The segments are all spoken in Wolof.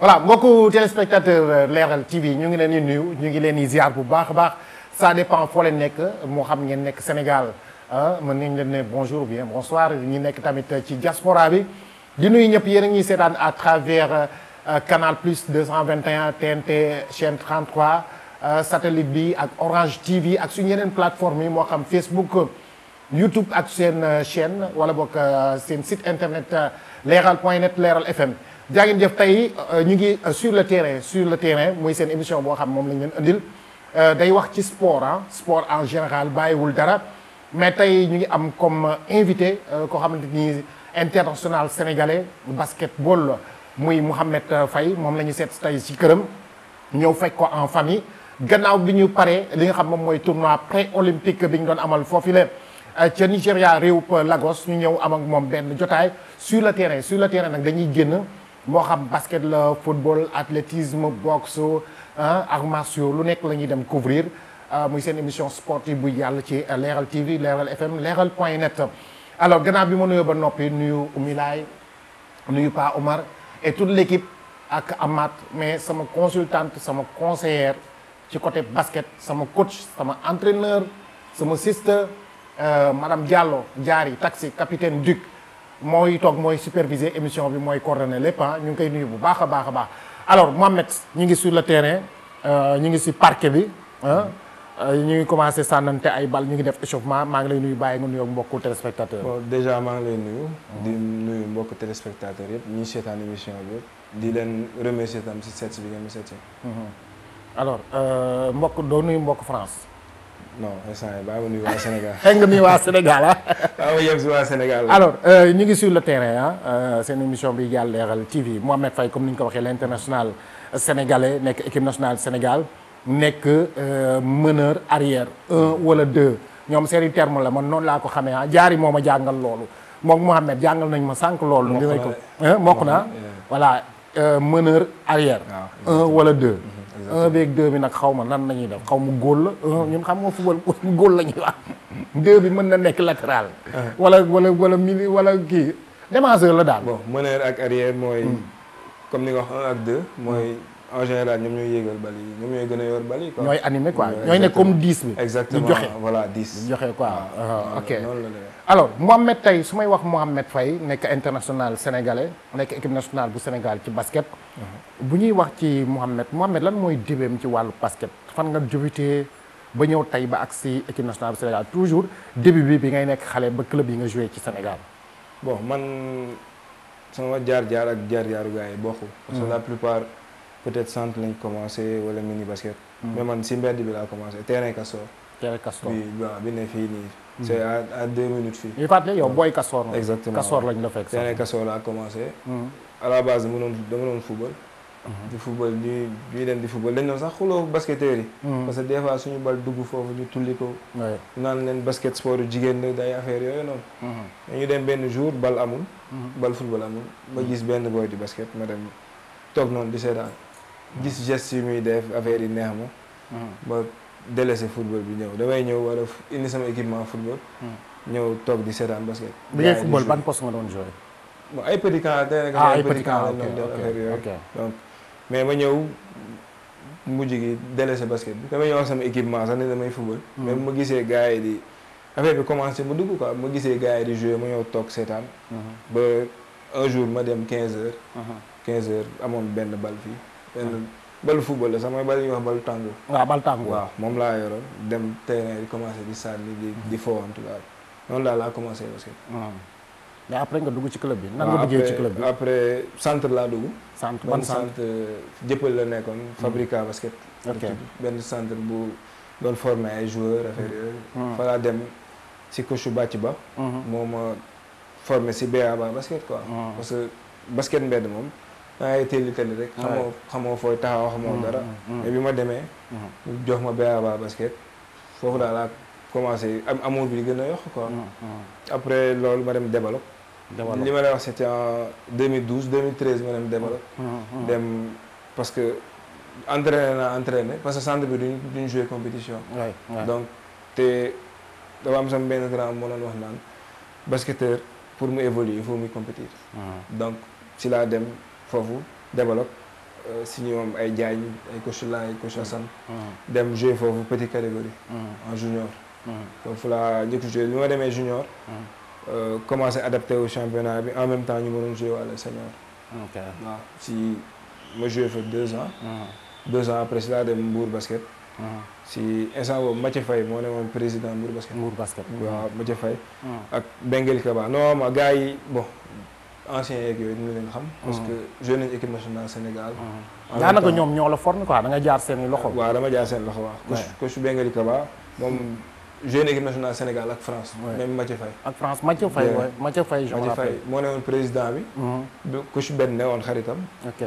voilà mbokku téléspectateur leeral TV ñu ngi leen yi nuyu ñu ngi leen di ziar bu baax a baax ça dépend foo leen nekk moo xam ngeen nekk Sénégal ah, mën nañ leen ne bonjour bien bonsoir ñi nekk tamit ci diaspora bi di nuyu ñëpp yéen a ngi seetaan à travers euh, Canal Plus 221 TNT chaîne 33 euh, satellite bi ak Orange TV ak suñu yeneen plateforme yi moo xam Facebook. YouTube ak seen euh, chaîne wala boog euh, seen site internet euh, leeral point net leeral FM jaa ngeen jëf tey ñu ngi sur le terrain sur le terrain muy seen émission boo xam moom lañ leen indil day wax ci sport ah, sport en général bàyyiwul dara mais tey ñu ngi am comme invité koo xamante ni international sénégalais basketball la muy Mouhamed Faye moom la ñu seet tey ci këram ñëw fekk ko en famille gannaaw bi ñu paree li nga xam moom mooy tournoi pré olympique bi ñu doon amal foofu la. Euh, ca Nigéria réew Lagos ñu ñëw am ak moom benn jotaay sur le terrain sur le terrain nag dañuy génn moo xam basket la football athlétisme boxe arts martiaux lu nekk la ñuy dem couvrir euh, muy seen émission sportive buy yàlla ci Leral TV Leral FM leexal point net alors gannaaw bi ma nuyoo ba noppi nuyu Umilaay nuyu Pa Omar et tout l'équipe ak Amat mais sama consultante sama conseillère ci côté basket sama coach sama entraîneur sama sister Euh, madame Diallo Diary taxi capitaine Duc mooy toog mooy superviser émission bi mooy coordonné lépp ah, ñu ngi koy nuyu bu baax a baax a baax alors Mohamed ñu ngi su le terrain euh, ñu ngi si parquet bi ah, euh, ñu ngi commencé sànnante ay bal ñu ngi def échauffement maa ngi lay nuyu bàyyi nga nuyoog mbokku téléspectateur bon déjà maa ngi lay nuyu di nuyu mbokku téléspectateur yëpp ñuy seetaan émission bi yëpp di leen remercier tam si seet bi nga ma seet mhm. alors mbokk doo nuyu France non instant yii Sénégal. xëy nga nuyu waa Sénégal ah. waa Sénégal alors euh, ñu ngi sur le terrain ah euh, seen émission bi jàll Leral TV Mohamed Faye comme ni ko waxee l' international nekk équipe nationale Sénégal nekk euh, meneur arrière un wala deux ñoom seen i terme la man noonu laa ko xamee ah jaari moo ma jàngal loolu moom Mohamed jàngal nañ ma sànq loolu. mokk na mokk na voilà meneur arrière. Ah, un wala deux. Mm. un beeg bi nag xaw ma nan la ñuy def xaw ma góol la ñun xam nga football góol la ñuy wax deux bi mën na nekk latéral uh-huh. wala wala wala mili wala kii défenseur la daal bon meneur ak arrière mooy hmm. comme ni nga wax un ak deux mooy en général ñoom ñooy yéegal bal yi ñoom ñooy gën a yor bal ñooy animé quoi ñooy ne bi. joxe voilà 10. joxe quoi ah, ok noonu la tey su may wax Mohamed Faye nekk international sénégalais nekk équipe nationale bu Sénégal ci basket. Mhm. bu ñuy wax ci Mohamed Mohamed lan mooy débéem ci wàllu basket fan nga débuté ba ñëw tey ba ak si équipe nationale bu Sénégal toujours début bi bi ngay nekk xale ba club yi nga joué ci Sénégal. bon man sama jaar-jaar ak jaar-jaaru gars yi bokkul. peut-être centre lañ commencé wala mini basket. Mm. mais man si mbedd bi la commencé terrain Castor. terrain Castor bi bi ne fii nii. Mm. c'est à à deux minutes fii. yu fàttali yow booy Castor la. exactement Castor lañ la fekk. terrain mm. la base dama doon dama mm-hmm. football. di football di football dañ doon sax xuloo basketteurs yi. parce que des fois suñu bal dugg foofu ñu tulli ko. naan leen basket sport yu jigéen la day affaire yooyu noonu. Mm-hmm. dañu dem benn jour bal amul. Mm-hmm. bal football amul. ba gis benn boy di basket ma dem toog noonu gis geste yi de def affaire yi neex ma. ba hmm. délaissé football bi ñëw damay ñëw wala indi sama équipement football. Hmm. ñëw toog di seetaan basket. bi ngay football ban poste nga doon joué. bon ay petit camp tey nag. Ah, ay petit camp ok ok donc mais ma ñëw mujj gi délaissé basket bi. damay ñëw sama équipement sax ne damay football. Hmm. mais ma gisee gars yi di affaire bi commencé mu dugg quoi ma gisee gars yi di joué ma ñëw toog seetaan. ba un jour ma dem 15 heures. 15 heures amoon benn bal fii. benn balu football sax mooy bal ñuy wax balu tàngu. waaw bal tàngu waaw moom laa yoroon dem terrain di commencé di sànni di di fowantu daal daal laa commencé basket. mais nga dugg ci club bi. nan nga duggee ci centre laa dugg. centre ban centre jëppal la nekkoon. Hmm. Fabrica basket. benn centre bu doon formé ay joueurs affaire hmm. yooyu. Hmm. fa laa dem si coach bàcc ba. moo ma formé si BA ba basket quoi. parce basket mbedd moom. da ngay tëlli tëlli rek. xamoo xamoo fooy taxaw xamoo mm-hmm. dara. Mm-hmm. bi ma demee. Mm-hmm. jox ma BABA basket foofu daal laa commencé am amour bi gën a yokk quoi. après loolu ma dem développe. développe li ma lay wax c'était en 2012 2013 ma dem développe. dem parce que entraîné naa entraîné parce que centre bi duñ duñ jouer compétition. donc te dafa am sama benn grand moo doon wax naan basketteur pour mu évoluer il faut muy compétir. donc ci laa dem. foofu développe euh, signé moom ay Diagne ay coach Laay ay coach Assane mm-hmm. dem joué foofu petite catégorie mm-hmm. en junior foofu mm-hmm. laa njëkk joué bi ma demee junior euh, commencé adapté au championnat bi en même temps ñu mënoon joué wàllu senior ok waaw si ma joué fa deux ans deux ans après si laa dem Mbour basket si instant boobu Mathieu Faye moo ne moom président Mbour basket Mbour basket waaw Mathieu Faye ak Benguel Kaba non ma gars yi bon anciens yeeg yooyu ñu leen xam. parce mm. que joué équipe nationale Sénégal. Mm. en daanaka ñoom ñoo la formé quoi da nga jaar seen loxo. waaw dama jaar seen loxo waaw. coach Bengali Kaba moom. jeune équipe nationale Sénégal ak France. même Mathieu Faye. ak France Mathieu Faye waay Mathieu Faye. je benn ne woon xaritam.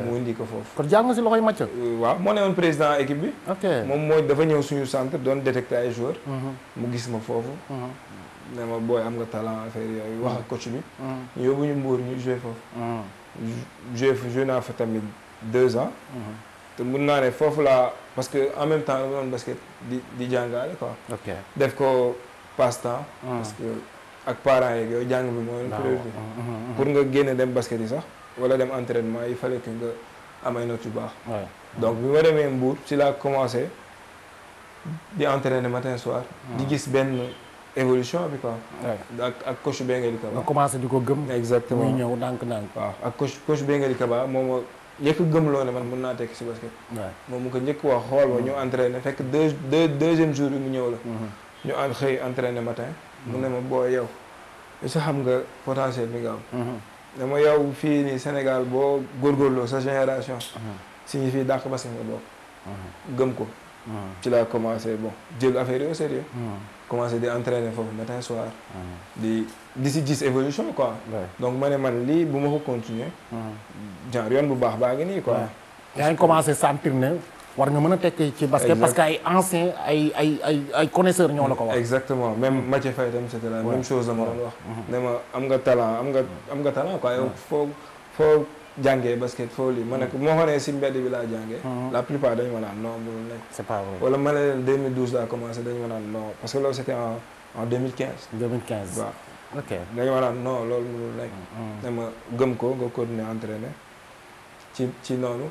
mu indi ko foofu. kon jàng nga si loxoy Mathieu. Euh, waaw moo ne woon président équipe bi. ok moom mooy dafa ñëw suñu centre doon détecter ay joueurs. Mm-hmm. mu gis ma foofu. Mm-hmm. ne ma booy am nga talent affaire yooyu wax ak mm. coach bi. Mm. yóbbu ñu mbuur ñu joué foofu. joué fa joué naa fa tamit deux ans. Mm-hmm. te mun naa ne foofu la parce que en même temps dama doon basket di di jàngale quoi. ok def ko passe temps. Mm. ak parents yeeg yooyu jàng bi mooy. priorité mm-hmm, mm-hmm. pour nga génne dem basket yi sax. wala dem entraînement il fallait que nga am ay notes yu baax. donc bi ma demee Mbour ci laa commencé di entraîner matin soir. di gis benn. évolution bi quoi. ak ak coach Bengali Kaba. nga commencé di ko gëm. exactement muy ñëw ndànk-ndànk. waaw ak coach coach Bengali Kaba moom moo njëkk gëm loo ne man mun naa tekk si basket. moom mu ko njëkk wax xool ba mm-hmm. fekk deux deux deuxième jour bi mu ñëw la. Mm-hmm. ñu en xëy entraîné matin. mu ne ma booy yow. sa xam nga potentiel bi nga am. dama mm-hmm. yow fii ni Sénégal boo góor góorgóorloo sa génération. signifie dàq basket nga bokk. gëm ko. ci laa commencé bon jël affaire yi sérieux commencé di entraîner foofu matin soir. Ah. di di si gis évolution quoi. donc ma ne man lii bu ma ko continuer ah. genre yoon bu baax baa ngi nii quoi. yaa ngi commencé sentir ne war nga mën a tekki ci basket parce que ay anciens ay ay ay ay connaisseurs ñoo la ko exactement même mm. Mathieu Faye tam c'était la même chose la ma doon wax. Mm-hmm. am nga talent am nga am nga talent jàngee basket football yi ma ne ko mm. moo si mbedd bi laa jàngee mm-hmm. la plupart dañu ma naan non mënul nekk c'est pas vrai wala ma ne leen 2012 laa commencé dañu ma naan non parce que loolu c'était en en 2015 2015 waaw ok dañu ma naan non loolu mënul nekk mm-hmm. dama gëm ko nga continuer entraîner ci ci noonu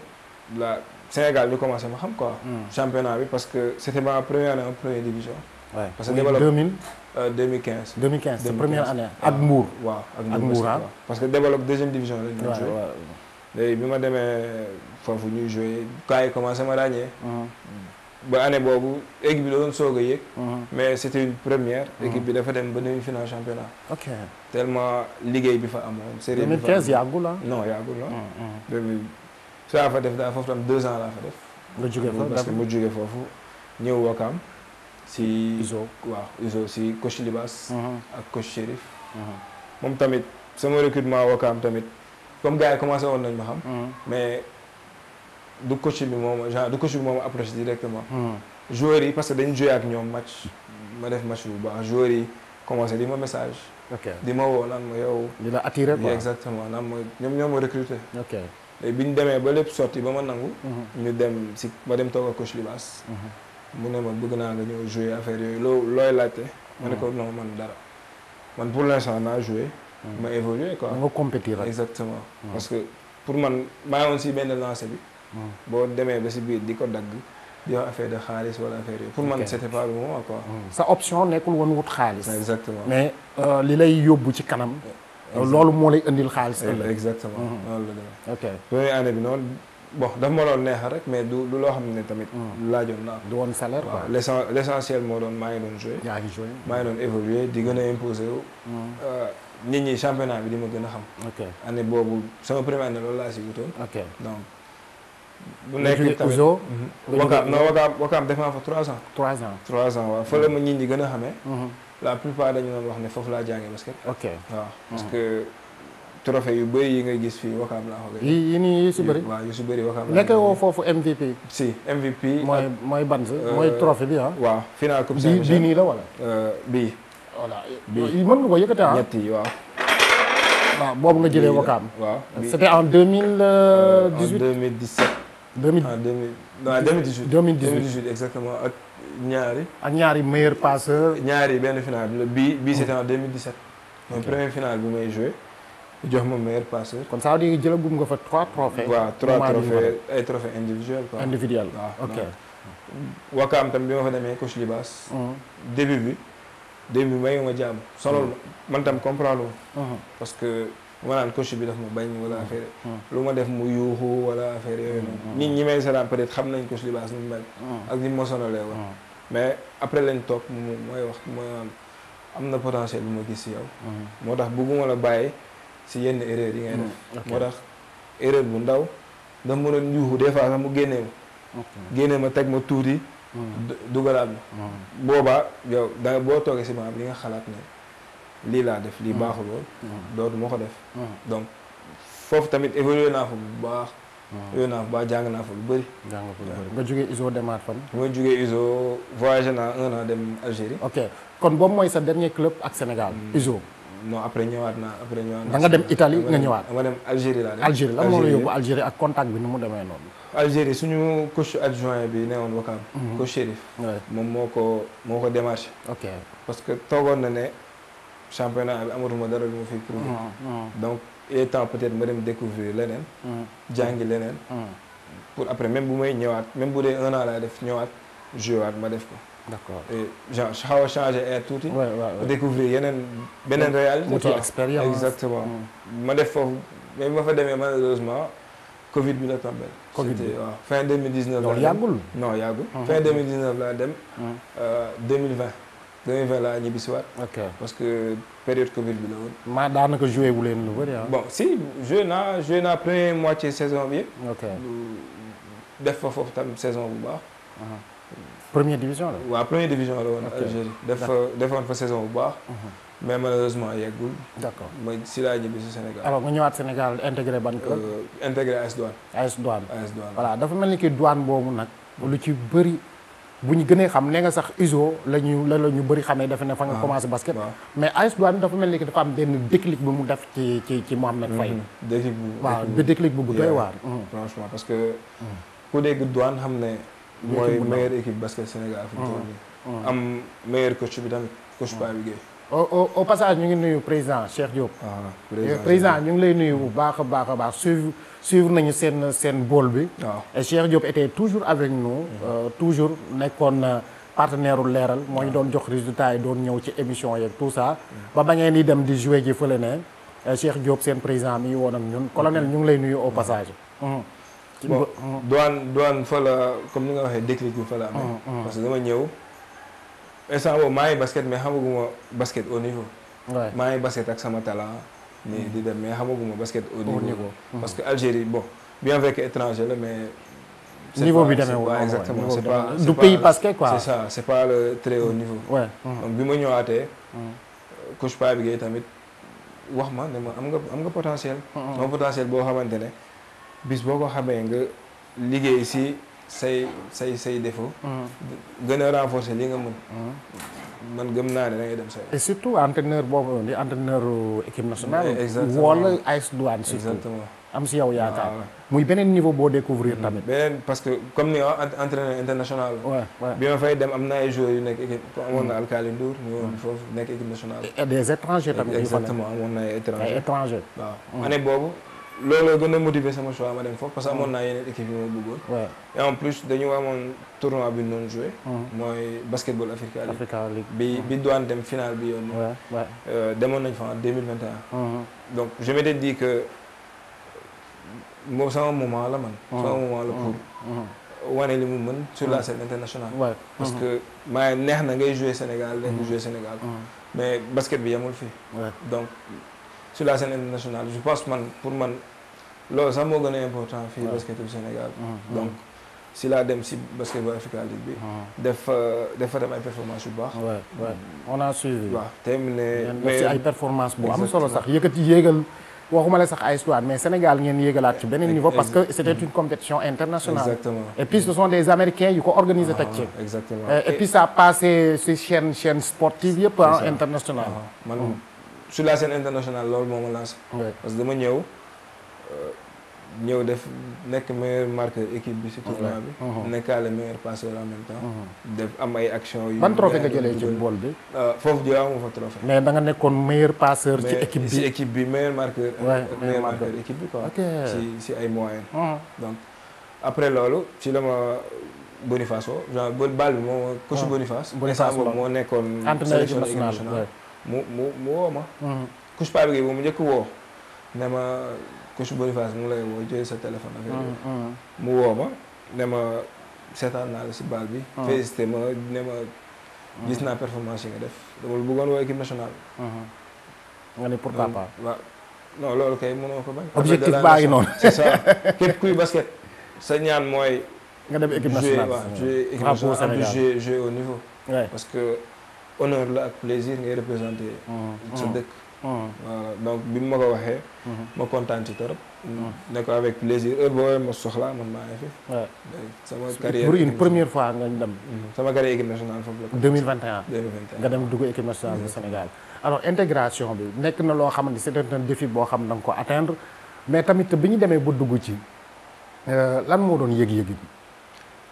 la Sénégal ñu commencé ma xam quoi mm. championnat bi parce que c'était ma première année en première division oui parce que développé 2000. 2015. 2015 c'est première année ak Mbour. waaw ak Mbour ah parce que développé deuxième division la ñu. waaw léegi bi ma demee foofu ñuy joué cas yi commencé ma ràññee. Mm-hmm. ba année boobu équipe bi la doon soog a yéeg. Mm-hmm. mais c' était une première. Mm-hmm. équipe bi dafa dem ba demi-finale championnat. ok tellement liggéey bi fa amoon. série bi fa 2015 yàggul ah. non yàggul ah. dégg nga fa def daal foofu tam deux ans laa fa def. nga jógee foofu parce que mu jógee foofu ñëw Wakaam. si Iso waaw Iso si coach Libas. Uh-huh. ak coach Chérif. Uh-huh. moom tamit sama recrutement Wakaam tamit comme gars yi commencé woon nañ ma xam. Uh-huh. mais du coach bi moom genre du coach bi moom approché directement. joueurs yi parce que dañ joué ak ñoom match. ma def match bu baax joueurs yi commencé di ma message. ok di ma woo naan ma yow. di la attiré quoi exactement naan ma ñoom ñoo ma recruté. ok bi ñu demee ba lépp sotti ba ma nangu. ñu dem si ma dem toog ak coach Libas. mu ne ma bëgg naa nga ñëw jouer affaire yooyu loo looy laajte. ma ne ko hmm. non man dara man pour l'instant naa jouer. Hmm. ma évoluer quoi nga compétir exactement hmm. parce que pour man maa ngi woon si benn lancé bi. boo demee ba si biir di ko dagg di wax affaire de xaalis wala affaire yooyu. pour man c'était pas le moment quoi. sa option nekkul woon wut xaalis. exactement mais euh, li lay yóbbu ci kanam. loolu moo lay indil xaalis. exactement loolu la ok première année bi noonu. bon daf ma doon neexal rek mais du du loo xam ne tamit. Hmm. laajoon naa du woon salaire quoi waaw l' essentiel moo doon maa ngi doon joué. yaa ngi joué maa ngi doon évolué di gën a imposé wu. Hmm. Euh, nit ñi championnat bi di ma gën a xam. ok année boobu sama première année loolu laa si wutoon. ok donc. bu nekk tamit mhm. wakaam non wakaam wakaam def naa fa trois ans. trois a trois ans waaw fële hmm. ma nit ñi gën a xamee. la plupart dañu doon wax ne foofu laa jàngee basket. ok waaw parce trophée yu bëri yi nga gis fi wakaam laa ko yi yi nii yu si bëri waaw yu si bëri wakaam nekk woo foofu MVP si MVP mooy mooy ban euh, mooy trophée bi ah waa final coupe bi nii la wala euh, bii voilà bii mën nga ko yëkkate ah ñett yi waaw waaw boobu nga jëlee wakaam waaw euh, c'était en 2018 2017 exactement ak ñaari ak ñaari meilleur passeur ñaari benn final bi la bii bii c'était en 2017 moom premier final bi may joué jox ma meilleur passeur. kon ça veut dire jëlagum nga fa trois trophées. waaw trois trophées ay trophées individuel quoi. individuel waaw ok. Wakaam tam bi ma fa demee coach Libas. Mm-hmm. début bi début bi mayu ma jàmm. sonal ma mm-hmm. man tam comprendre ma. Mm-hmm. parce que ma naan coach bi daf ma bañ wala affaire lu ma def mu yuuxu wala affaire yooyu noonu. nit ñi may seetaan peut être xam nañ coach Libas ni mu mel. ak ni mu ma sonalee woon. mais après lañ toog mu mooy wax mooy am na potentiel bu ma gis si yow. moo tax bëgguma la bàyyi. si yenn erreur yi ngay mm, def moo tax erreur bu ndaw dama mënoon yuuxu des fois sax mu génnee ma ma teg ma tuuti mm. dugalaat ma mm. boobaa yow da boo toogee si maam li nga xalaat ne lii laa def lii baaxul woon dootu ma ko def donc foofu tamit évolué naa fa bu baax yooyu naa jàng naa fa lu bëri jàng fa lu bëri nga jógee ISO demaat fan ma jógee ISO voyagé naa un an dem Algérie ok kon boobu mooy sa dernier club ak Sénégal non après ñëwaat na après ñëwaat da nga dem Italie nga ñëwaat. da nga dem Algérie laa dem Algérie lan moo la yóbbu Algérie ak contact bi ni mu demee noonu. Algérie suñu coach adjoint bi newoon Wakam. Mhm. coach Chérif. moom moo ko moo ko démarché. ok parce que toogoon na ne championnat bi amatuma dara lu ma fiy prouvé. Mhm, mhm. donc il est temps peut-être ma dem découvrir leneen. jàngi leneen. pour après même bu may ñëwaat même bu dee un an laa def ñëwaat joué ma def ko. d'accord genre xaw a changé air tuuti. découvrir yeneen beneen réalité. mu expérience exactement. Mm. ma def foofu mais ma fa demee malheureusement Covid bi la tombé. Covid bi waaw fin 2019. loolu yàggul non yàggul. Mm-hmm. fin 2019 laa dem. 2020. Mm. 2020 euh, laa ñibbisiwaat. ok parce que période Covid bi la woon. maa daanaka joué wu leen lu bëri ah. bon si joué naa joué naa première moitié saison bi yëpp. ok def fa foofu tam saison bu baax. Mm-hmm. première division la. waaw première division la euh, euh, woon. Algérie def defoon fa saison bu baax. Mhm. mais malheureusement yeggul. d' ma si laa nga ñëwaat Sénégal intégré ban euh, intégré AS Douane. AS Douane AS dafa mel ni ki douane boobu nag. lu ci bëri bu ñu gënee xam ne nga sax ISO la ñu la ñu bëri xamee dafa ne fa nga ah, commencé basket. mais AS Douane dafa mel ni ki dafa am benn déclic bu mu def ci ci ci Mohamed Faye. Mhm. déclic bu doy waar. Mhm. franchement parce que. ku dégg douane mooy meilleure équipe basket Sénégal. fi mm, mm. am meilleur coach bi tamit coach mm. Pape Gueye. au au passage ñu ngi nuyu président Cheikh Diop. Ah, président eh, ñu ngi lay nuyu bu baax a baax a baax suivre suivre nañu seen seen bool bi. Ah. et Cheikh Diop était toujours avec nous. Euh, toujours nekkoon euh, partenaire u leeral moo ñu ah. doon jox résultat yi doon ñëw ci émission yeeg tout ça. ba bañee nii dem di jouer ji fële ne euh, Cheikh Diop seen président mi ngi woon ak ñun colonel ñu ngi lay nuyu au passage. bon douane douane fa la comme ni nga waxee déclic bi fa la amee. Mm, mm. parce que dama ñëw instant boobu maa ngi basket mais xamaguma basket au niveau. waay maa ngi basket ak sama talent. nii di dem mais xamaguma basket au niveau. Mm. parce que Algérie bon bien vrai que étranger la mais. niveau bi demee woon exactement c'est pas du pays basket quoi. c'est ça c'est pas le très haut niveau. donc bi ma ñëwaatee. coach Pape Gueye tamit wax ma ne ma am nga am nga potentiel. am potentiel boo xamante ne. bis boo ko xamee nga liggéey si say say say défaut. Mm-hmm. gën a renforcer li nga mën. Mm-hmm. man gëm naa ne da ngay dem say. et surtout entraîneur boobu di entraîneur équipe nationale. exactement wala AS si surtout. exactement am si yow yaakaar. Ah, muy beneen niveau boo découvrir tamit. beneen parce que comme ni nga entraîneur international. bi ma fay dem am na ay joueurs nekk équipe. Mm. amoon na Alkali Ndour. ñu mm. foofu nekk équipe nationale. et des étrangers tamit. exactement amoon na ay étrangers. waaw mm. année boobu. loolu gën a motiver sama choix ma dem foofu parce que amoon naa yeneen équipe yi ma bëggoon. waaw et en plus dañu amoon tournoi bi noonu joué. Mm. mooy basketball Africa League. bi mm. bi doon dem final bi yoon. waaw waaw demoon nañ fa en deux mille vingt et un. Mm-hmm. donc je m'étais dit que moment la man. Mm. sama moment la pour. Mm-hmm. wane li mu mën sur la scène internationale. parce mm-hmm. que maa neex na ngay joué Sénégal. nekk joué Sénégal. mais basket bi yamul fii. donc. sur la scène internationale je man pour man loolu sax moo gën a important fii basket bu Sénégal mm-hmm. si laa dem si basket bu Africa bi mm-hmm. def def fa dem ay performance yu baax on a suivi waaw terminé ay performance bu am solo sax yëkkati yéegal waxuma la sax ay histoire mais Sénégal ngeen yéegalaat ci beneen niveau parce que c'était mm-hmm. une compétition internationale exactement et puis ce américains yu ko organisé ah, teg ci exactement et puis ça a passé si sportive yëpp internationale ah, man mm. su la scène internationale loolu moom ma lancé. parce que dama ñëw euh, ñëw def nekk meilleur marqueur équipe bi si tournoi bi. Uh-huh. nekkaale meilleur passeur en même temps. Uh-huh. def am ay action yu. ban trophée nga jëlee ci bool bi. Euh, foofu a amoo fa trophée. mais da nga nekkoon meilleur passeur. ci équipe bi ci équipe bi bi quoi. si si ay moyens. Uh-huh. donc après loolu ci la ma. Boniface o bo bal bi moo coach Boniface. Boniface moo nekkoon. entraîneur équipe nationale mu mu mu woo ma. Mm-hmm. couche Pape Gueye moom mu njëkk woo. ne ma couche Boniface mu lay woo jëlee sa téléphone. affaire mm-hmm. mu woo ma ne ma seetaan naa la si baal bi. Mm-hmm. félicité ma ne ma. gis naa performance yi nga def dama bëggoon woo équipe nationale. nga ne pourquoi pas. waaw non loolu kay mënoo ko bañ. objectif baa ngi noonu c'est ça képp kuy basket. sa ñaan mooy. nga dem équipe nationale jouer waaw jouer équipe nationale jouer au niveau. parce que. honneur la ak plaisir ngay représenté. Mm-hmm. sa dëkk. Mm-hmm. Mm-hmm. voilà donc bi mu ma ko waxee. ma kontaan ci torop. ne ko avec plaisir heure boo ma soxlaa man ma ngi fi. waaw sama carrière. pour fois nga dem. sama carrière équipe nationale foofu la. 2021 2021 nga dem dugg équipe nationale bu Sénégal. alors intégration bi nekk na loo xamante c'est un défi boo xam da nga ko atteindre mais tamit bi ñu demee ba dugg ci euh, lan moo doon yëg-yëg bi.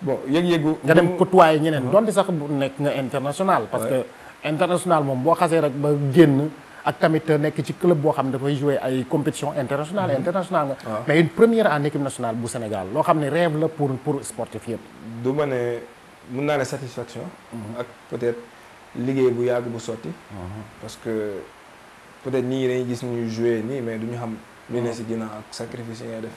bon yëg-yëgu. nga dem côtoyer ñeneen donte sax nekk nga international. parce que international moom boo xasee rek ba génn. ak tamit nekk ci club boo xam ne dafay jouer ay compétition internationale mm-hmm. internationale nga mais une première en équipe nationale bu Sénégal loo xam ne rêve la pour pour sportif yëpp. du ma ne mun naa ne satisfaction. Mm-hmm. ak peut-être liggéey bu yàgg bu sotti. Mm-hmm. parce que peut-être nii dañuy gis ñu jouer nii mais du ñu xam. li ne si ginnaaw ak sacrifice yi ngay def.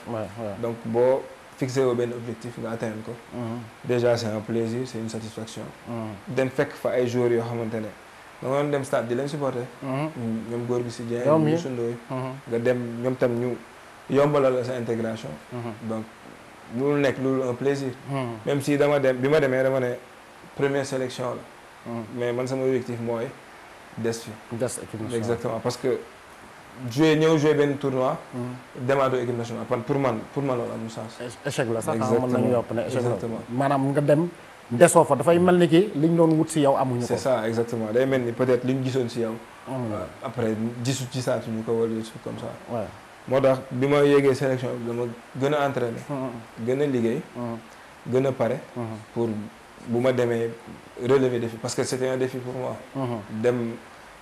donc boo. fixé woo benn objectif nga atteindre ko. Mhm. déjà c'est un plaisir c'est une satisfaction. Mhm. dem fekk fa ay joueurs yoo xamante ne. da nga doon dem stade di leen supporter. Mhm. ñoom góor gi si Dieng. ñoom ñu sundooy nga dem ñoom tam ñu yombalal la sa intégration. donc loolu nekk loolu un plaisir. même si dama dem bi ma demee dama ne première sélection la. mais man sama objectif mooy des fi. des exactement parce que. joué ñëw joué benn tournoi. Hmm. demaatoo équipe nationale man pour man pour man loolu amul sens. échec la sax ah, mën nañu yokk ne échec maanaam nga dem desoo fa dafay mel ni ki liñ doon wut si yow amuñu ko. c'est ça exactement day mel ni peut-être liñ gisoon si yow. Euh, après gisu gisaatuñu ko wala gisu comme ça. moo tax bi ma yéegee sélection bi dama gën a entraîné. Hmm. gën a liggéey. Hmm. gën a pare. pour bu ma demee relever défi parce que c'était un défi pour moi.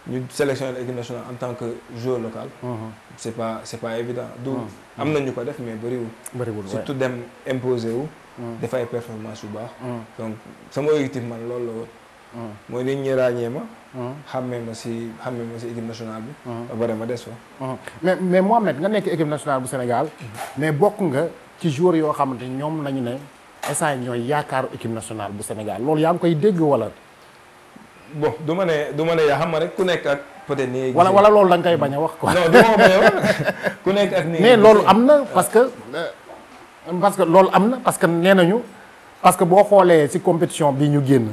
ñu sélectionné l'équipe nationale en tant que joueur local. Mhm. c' est pas c' pas évident. du mhm. am na ñu ko def mais bëriwul. bëriwul surtout dem imposer wu. Mhm. def ay performance yu baax. donc sama objectif man loolu la mooy nit ñi ràññee ma. xàmmee ma si xàmmee ma si équipe nationale bi. ba ma des fa. mais mais Mohamed nga nekk équipe nationale bu Sénégal. mais bokk nga ci joueur yoo xamante ñoom nañu ne instant ñooy yaakaaru équipe nationale bu Sénégal loolu yaa ngi koy dégg bon du ma ne du yaa xam ma rek ku nekk ak peut-être ni wala wala loolu da nga koy bañ a wax quoi. non a ku nekk ak ni mais loolu am na parce que parce que loolu am na parce que nee nañu parce que boo xoolee si compétition bi ñu génn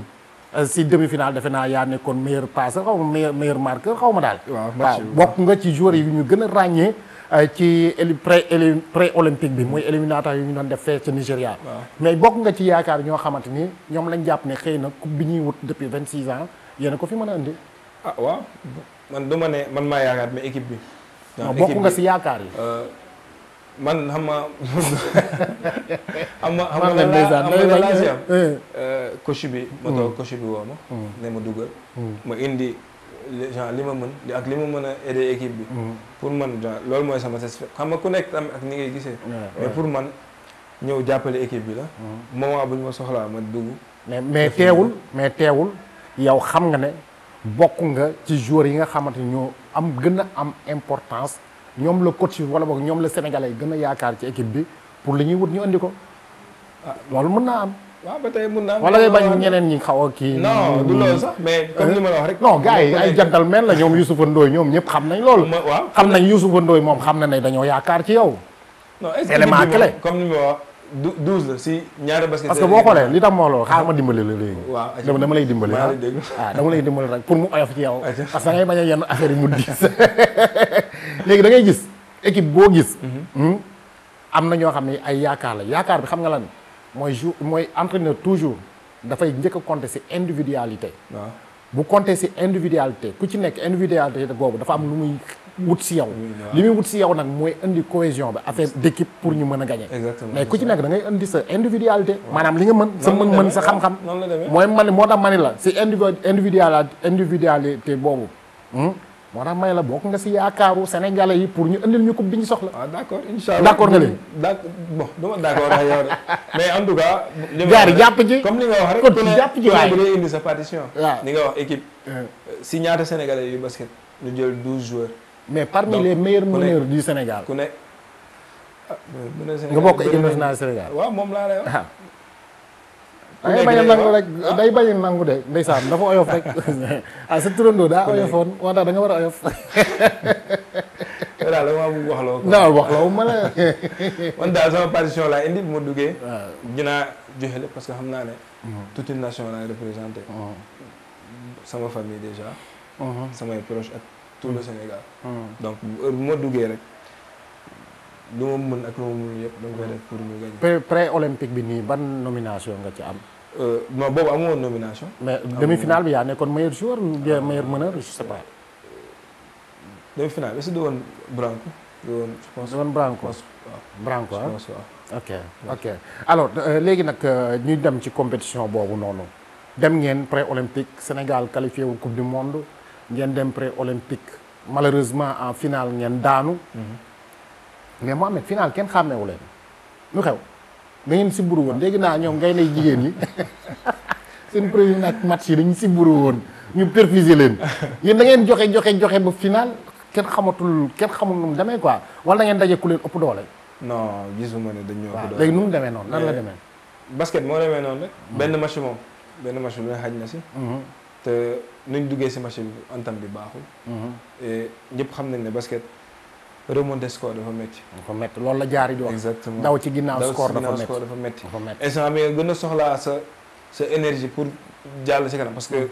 si euh, demi-finale defe naa yaa nekkoon meilleur passeur xaw ma meilleur meilleur marqueur xaw ma daal. waaw bokk nga ci joueurs yi ñu gën a ràññee euh, ci pré pré olympique bi mooy éliminatoire yi ñu doon def fee ci Nigéria. mais bokk nga ci yaakaar ñoo xamante ni ñoom lañ jàpp ne xëy na coupe bi ñuy wut depuis 26 ans. yéen a ko fi mën a andi. ah waaw man du ne man maa yaakaar mais équipe bi. non bokk si yaakaar yi. Euh, man xam nga xam nga xam nga relation eh. euh, coach bi ma mm. toog coach bi woo ma mm. ne ma dugal mm. ma indi genre li ma mën di ak li ma mën a aider équipe bi pour man genre loolu mooy sama satisfait xam nga ku nekk tam ak ni ngay gisee mais pour man ñëw jàppale équipe bi la moment bu ñu ma soxlaa ma dugg mais mais teewul mais teewul yow xam nga ne bokk nga ci joueurs yi nga xamante ni ñoo am gën a am importance ñoom la coach wala boog ñoom la sénégalais gën a yaakaar ci équipe bi pour li ñuy wut ñu andi ko ah, loolu mën naa am. waaw ba tey mën naa am wala ngay ñeneen ñi xaw a kii. non du loolu sax mais eh? comme ni wax rek. non gars yi ay gentleman la ñoom Youssoupha ñoom ñëpp xam nañ loolu. waaw xam nañ Youssoupha Ndoye moom xam na ne dañoo yaakaar ci yow. non est douze la si ñaari basket. parce que boo xoolee li tax ma wax loolu xaaral ma dimbali la léegi. waaw dama lay dimbali ah waaw ah, dama lay dimbali rek pour mu oyof ci yow. parce que da bañ a yenn affaire mu diis léegi dangay gis équipe boo gis. Mm-hmm. Hmm? am na ñoo xam ne ay yaakaar la yaakaar bi xam nga lan mooy jour mooy entraîneur toujours dafay njëkk a si individualité. waaw bu compter si individualité ku ci nekk individualité boobu dafa am lu muy. Mm-hmm. wut si yow li muy wut si yow nag mooy indi cohésion bi affaire d'équipe pour ñu mën a gagner mais ku ci nekk da ngay indi sa individualité maanaam li nga mën sa mën-mën sa xam-xam mooy man moo tax mani la si individual individualité boobu hmm, moo tax may la bokk nga si yaakaaru sénégalais yi pour ñu indil ñu coupe bi ñu soxla. waaw ah, d' accord incha allah nga léegi. d' ac ci comme li nga wax rek. kon jàpp ci waay ku ne indi sa partition. waaw li nga wax équipe. Euh. si ñaata sénégalais yu basket ñu jël douze joueurs. mais parmi Donc, les meilleurs meneurs du Sénégal. ku ne nga bokk équipe nationale Sénégal. waaw moom laa lay wax. Ah. day bañ a nangu rek day bañ nangu de ndeysaan dafa oyof rek ah sa turandoo daa oyofoon moo tax war a oyof. yow daal dama bëgg waxloo. non waxloo ma la. man daal sama partition laa indi bu duggee. Ah. dinaa joxe lépp parce que xam naa ne. Mm-hmm. toute une nation laay mm-hmm. sama famille déjà. Mm-hmm. samay proche tout le Sénégal. Hmm. donc ma duggee rek lu ma mën ak lu ma mënul yëpp dama pour ñu gagner. olympique bi nii ban nomination nga ci am. Euh, non boobu amoon nomination. mais demi-finale bi yaa nekkoon meilleur joueur ou bien ah. meilleur meneur je sais pas. Euh, demi-finale est-ce du woon Branco. Branco. Ah? ok ok alors euh, léegi nag ñu dem ci compétition boobu noonu dem ngeen pré olympique Sénégal qualifié coupe du monde. ngeen dem pré olympique malheureusement en finale ngeen daanu. mais Mohamed finale kenn xàmmewu leen lu xew da ngeen sibburu woon dégg naa ñoom ngay nay jigéen ñi seen premier ak match yi dañu sibburu woon ñu perfusé leen yéen da ngeen joxe joxe joxe ba finale kenn xamatul kenn xamul nu mu demee ko wala da ngeen daje ku leen ëpp doole. ne dañu ñëw. waaw léegi nu mu demee noonu nan la eh, demee. basket moo demee noonu rek. Hmm. benn match moom benn match lu ne na si. Hmm. te nuñ duggee si match bi antam bi baaxul. Mhm. et ñëpp xam nañ ne basket remonter score dafa métti. dafa métti loolu la jaari di wax. exactement daw ci ginnaaw score dafa métti dafa métti. instant bi nga gën a soxlaa sa sa énergie pour jàll si kanam parce que mhm.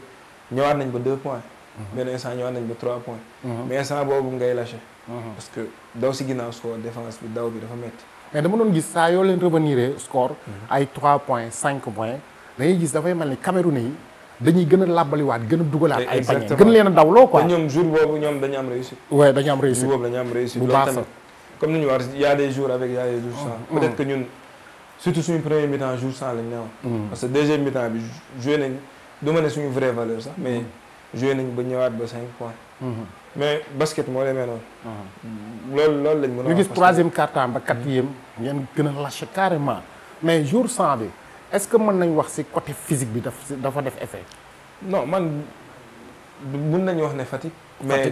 ñëwaat nañ ba deux points. Mhm. benn instant ñëwaat nañ ba trois points. mais instant boobu ngay lâché. parce que daw si ginnaaw score défense bi daw bi dafa métti. mais dama doon gis saa yoo leen revenir score. ay trois points cinq points. dañuy gis dafay mel ni Cameroun yi. dañuy gën a làbbaliwaat gën a dugalaat ay bañ gën leen a dawloo quoi ñoom jour boobu ñoom dañu am réussite am réussite jour boobu am réussite bu baax sax ni ñu wax y a des jours avec y a des jours sans mm-hmm. peut-être que ñun surtout suñu premier mi-temps jour sans lañ newoon mm-hmm. parce que deuxième mi-temps bi joué nañ du ma ne suñu vraie valeur sax mais mm-hmm. joué nañ ba ñëwaat ba cinq points mais basket moo demee noonu lool loolu lañ mën a ñu gis troisième quart-temps ba quatrième ngeen gën a lâché carrément mais jour sans bi est-ce que mën nañ wax ci côté physique bi dafa dafa def effet. non man mën nañu wax ne Fatick. mais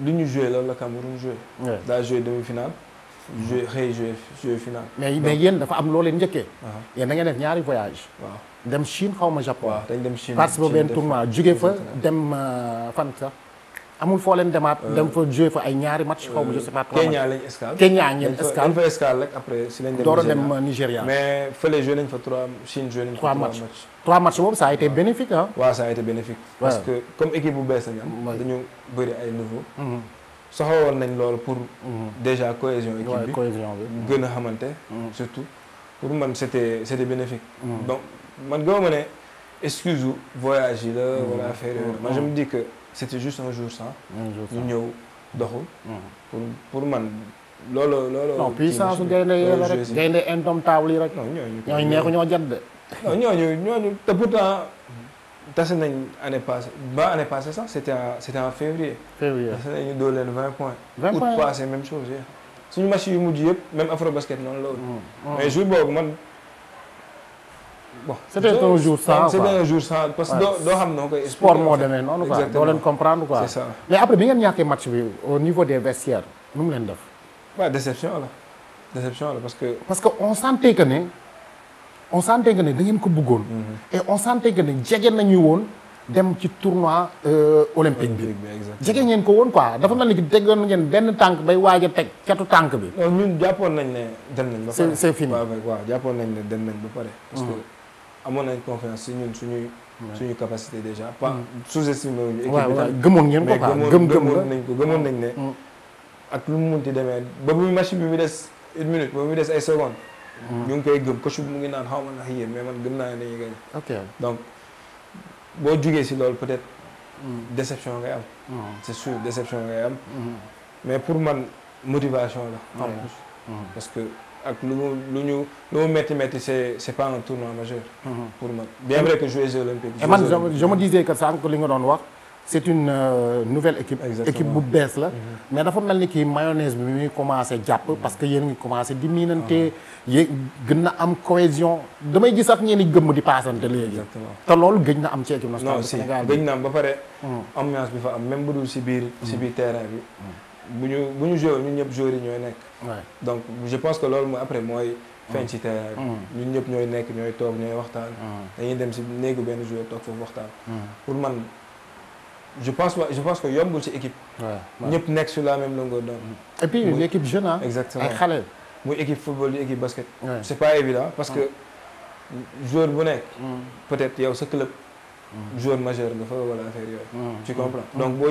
lu ñu joué loolu la Cameroun joué. daa joué demi-finale. joué xëy joué joué mais mais yéen dafa am loo leen njëkkee. Ah. yéen da def ñaari voyage waaw dem Chine xaw ma Japon. waaw dañ dem Chine participer benn tournoi jóge fa dem euh, fan sax. amul foo leen demaat. Euh, dem fa joué fa ay ñaari match xaw ma escale Kenya ngeen fa escale rek après si lañ dem. door euh, mais fële joué nañ fa trois match boobu ça a bénéfique waaw ça a bénéfique. parce que comme équipe bu bees la ñu am. dañu bëri ay niveau. Mm-hmm. soxawoon nañ loolu pour. Mm-hmm. déjà cohésion équipe bi mm-hmm. gën a xamante. surtout pour man c'était c'était bénéfique. donc man gëmuma ne excuse voyage yi la wala affaire yooyu. man je me que. c'était juste un jour sans. un jour sans ñu ñëw doxu. Mm. pour pour man loolu loolu. non puissance gaynde yi la rek gaynde indomptable yi rek. ñooñu ñooñu neexu ñoo jot de. non ñooñu ñooñu te pourtant tase nañ année passée ba année passée sax c'était en c'était en février. février tase nañu doo leen vingt points. vingt points août passé même chose suñu match yu mujj yëpp même afro basket noonu la woon. Mm, mm. mais jour boobu man. bon c'était un jour sans c'était un jour sans parce que doo xam noo koy. sport moo demee noonu quoi doo leen comprendre quoi. c'est ça mais après bi ngeen ñàkkee match bi au niveau des vestiaires nu mu leen def. waaw déception la déception la parce que. parce que on sentait que ne on sentait que ne da ngeen ko bëggoon. Mhm. et on sentait que ne jege nañu woon dem ci tournoi euh, olympique bi. jege ngeen ko woon quoi dafa mel ni tegoon ngeen benn tànk bay waaj a teg catu tànk bi. ñun jàppoon nañ ne dem nañ ba pare. c'est c'est fini waaw waaw jàppoon nañ ne dem nañ ba pare. parce amoon nañ confiance si ñun suñuy. suñu capacité déjà. pas mm. sous-estimé wu ñu. équipe bi tam gëmoon ngeen ko quoi gëm nañ ko gëmoon nañ ne. Mm. ak lu mu munti demee ba bu match bi mu des une minute ba mu des ay secondes. Mm. ñu ngi koy gëm coach bi mu ngi naan xaw ma ndax yéen mais man gëm naa ne dañuy gagné. ok donc boo jugee si loolu peut-être. déception ngay am. c'est sûr déception ngay am. mais pour man motivation la. en ak lu mu lu ñu lu mu métti métti c'est c'est pas un tournoi majeur. Mhm. pour man bien vrai que jouer Jeux olympiques. et man je me disais que sànq li nga doon wax c'est une euh, nouvelle équipe. équipe bu bees la. Mhm. mais dafa mel ni kii mayonnaise bi muy commencé jàpp mhm. parce que yéen ngi commencé di miinante. Ah. yéen gën na am cohésion damay gis sax ñeen i gëmm di paasante léegi. te loolu gëj na am ci équipe na du Sénégal bi. na am ba pare. Mm. ambiance bi fa am même bu dul si biir si mm. biir terrain bi. Mm. bu ñu bu ñu joué ñun ñëpp joueurs yi ñooy nekk. donc je pense que loolu mooy après mooy. feeñ ci mm. terrain mm. ñun ñëpp ñooy nekk ñooy toog ñooy waxtaan. Mm. dañuy dem si néegu benn joueur toog foofu waxtaan. pour man je pense je pense que yombul ci équipe. ñëpp nekk sur la même longueur d'onde. et puis une équipe jeune ah. exactement ay xale. muy équipe football di équipe basket. c'est pas évident parce que joueur bu nekk. peut-être yow sa club. joueur majeur nga fa wala affaire yooyu. tu comprends donc boo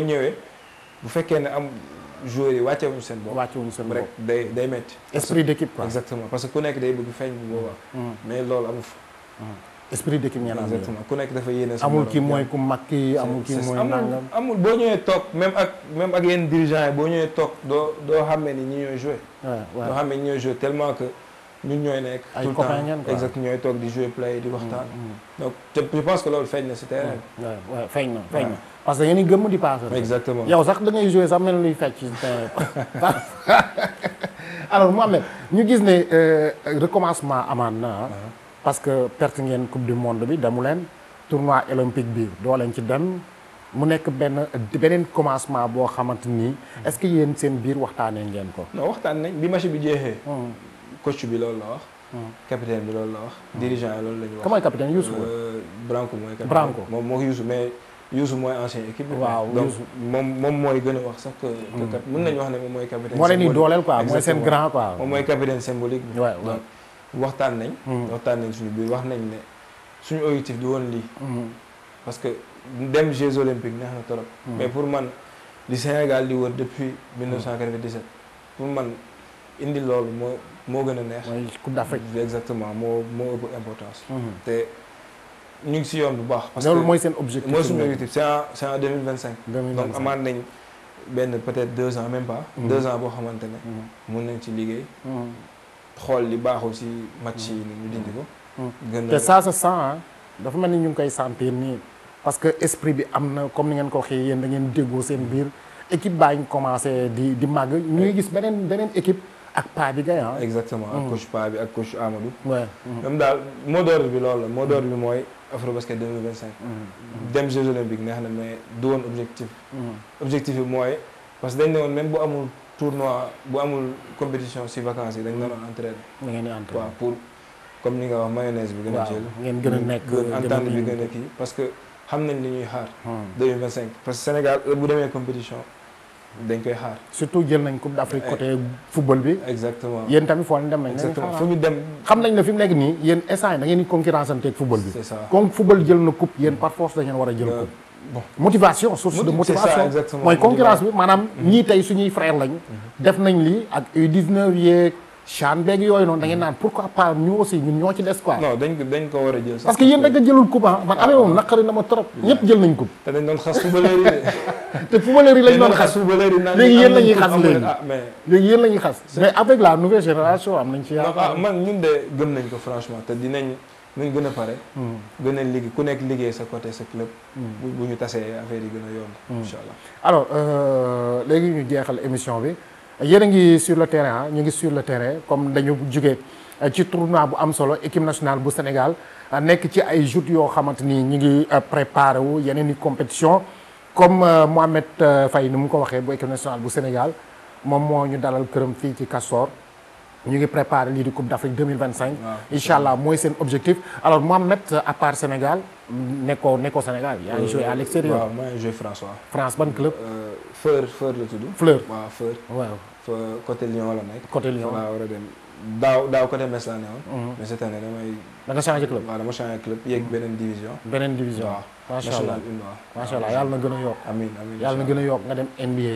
joueurs yi wàcce wuñu seen bopp. wàcce wuñu seen bopp rek day day métti. esprit d'équipe quoi exactement parce que ku nekk day bëgg feeñ bu boobaa. Mm-hmm. mais loolu amu fa. Mm-hmm. esprit d'équipe ngeen am exactement ku nekk dafa yéene. amul ki mooy ku mag ki amul ki mooy nangam amul boo ñëwee toog même ak même ak yenn dirigeants yi boo ñëwee toog doo doo xàmmee ni ñi ñooy joué. waaw waaw doo xàmmee ni ñun ñooy nekk. ay copains ngeen ñooy toog di jouer play di waxtaan. Mm, mm. donc je pense que si terrain bi. waaw waaw parce que yéen a gëmm di passé. exactement yow sax da ngay jouer sax mel ni luy fecc ci terrain alors Mohamed ñu gis ne euh, recommencement amaan na ah. uh-huh. parce que perte ngeen coupe du monde bi damu leen tournoi olympique bi doo leen ci dem mu nekk benn beneen commencement boo xamante nii mm. est-ce que yéen seen biir waxtaanee ngeen ko. waxtaan nañ bi match bi jeexee. coach bi loolu la wax. Hmm. capitaine bi loolu la wax. Hmm. dirigeant yi loolu la ñu wax. comment capitaine Youssou euh, Branco mooy capitaine Branco moom mooy ancien équipe. waaw donc moom moom mooy gën a wax sax que. que hmm. mën nañu wax ne moom mooy. capitaine moo leen di dooleel quoi mooy seen grand quoi. symbolique bi. waxtaan nañ. waxtaan nañ suñu biir wax nañ ne suñu objectif du woon lii. parce que dem Jeux olympiques neex na trop. mais pour man li Sénégal di wër depuis pour man indi loolu moo. moo gën a neex. mooy coupe d'Afrique. exactement moo moo ëpp importance. Mhm. te ñu ngi si yoon bu baax. parce que mooy seen objectif. mooy suñu objectif c'est en c'est en deux mille vingt benn peut-être deux ans même pas. Mhm. deux boo xamante ne. Mhm. mun nañ ci liggéey. xool li baaxul si match yi ñu dindi ko. gën te ça se dafa mel ni ñu ngi koy sentir nii parce que esprit bi am na comme ni ngeen ko waxee yéen da ngeen déggoo seen biir équipe baa ngi commencé di di màgg ñuy gis beneen beneen équipe. ak paa bi gay ah. exactement ak mm. coach paa bi ak coach Amadou. même mm-hmm. daal mot d'ordre bi loolu la mot d'ordre bi mooy Afrobasket 2025. Mm-hmm. dem Jeux olympiques neex na mais du objectif. Mm-hmm. objectif bi mooy parce que dañ ne woon même bu amul tournoi bu amul compétition si vacances yi dañ doon entraîner. da ngeen di entraîner waaw pour comme ni nga wax mayonnaise bi. gën a jël ngeen gën a bi gën a kii parce que xam nañ li ñuy xaar. 2025 mm. parce que Sénégal bu demee compétition. dañ koy xaar. surtout jël nañ coupe d'Afrique côté eh, football bi. exactement tamit foo leen dem nañ. fu ñu dem xam nañ ne fi mu nekk nii yéen instant da ngeen di concurrence anteeg football bi. comme football jël na coupe yéen par force da jël euh, coupe. motivation source de motivation mooy concurrence bi maanaam ñii mm-hmm. tey suñuy frère lañ. Mm-hmm. def nañ lii ak U19 yeeg. chan beeg yooyu noonu da ngeen naan pourquoi pas ñu aussi ñun ñoo ci des quoi. non dañ ko dañ ko war a jël sax. parce que yéen da jëlul coupe ah man amee moom naqari na ma trop. ñëpp jël nañ coupe. te dañ doon xas footballeur yi de. te footballeur yi lañ doon xas footballeur yi naan léegi xas léegi ah, léegi yéen la xas. mais avec la nouvelle génération am nañ ci ah, yaakaar. man ñun de a pare. Hmm. gën a liggéey ku nekk liggéey sa côté sa club. Hmm. bu ñu tasee affaire yi gën a yomb. Hmm. incha allah alors euh, léegi ñu jeexal émission bi yéen a ngi sur le terrain ah, ñu ngi sur le terrain comme dañu jugee euh, ci tournoi bu am solo équipe nationale bu Sénégal euh, nekk ci ay joutes yoo xamante ni ñu ngi euh, préparé wu yeneen i compétition comme Mohamed fay ni mu ko waxee bu équipe nationale bu Sénégal moom moo ñu dalal këram fii ci Castor ñu ngi préparé lii di Coupe d'Afrique 2025 incha allah mooy seen objectif alors Mohamed à part Sénégal nekkoo nekkoo Sénégal yaa ngi joué à l'extérieur waaw maa ngi joué François France ban club Fleur Fleur tudd Fleur fa côté Lyon la nekk. côté Lyon laa war a dem daaw daaw côté Metz laa newoon. Mhm. mais cette année damay. da nga changé club waaw mhm. beneen division. beneen allah yàlla na gën a yokk. amiin yàlla na gën a yokk nga dem NBA.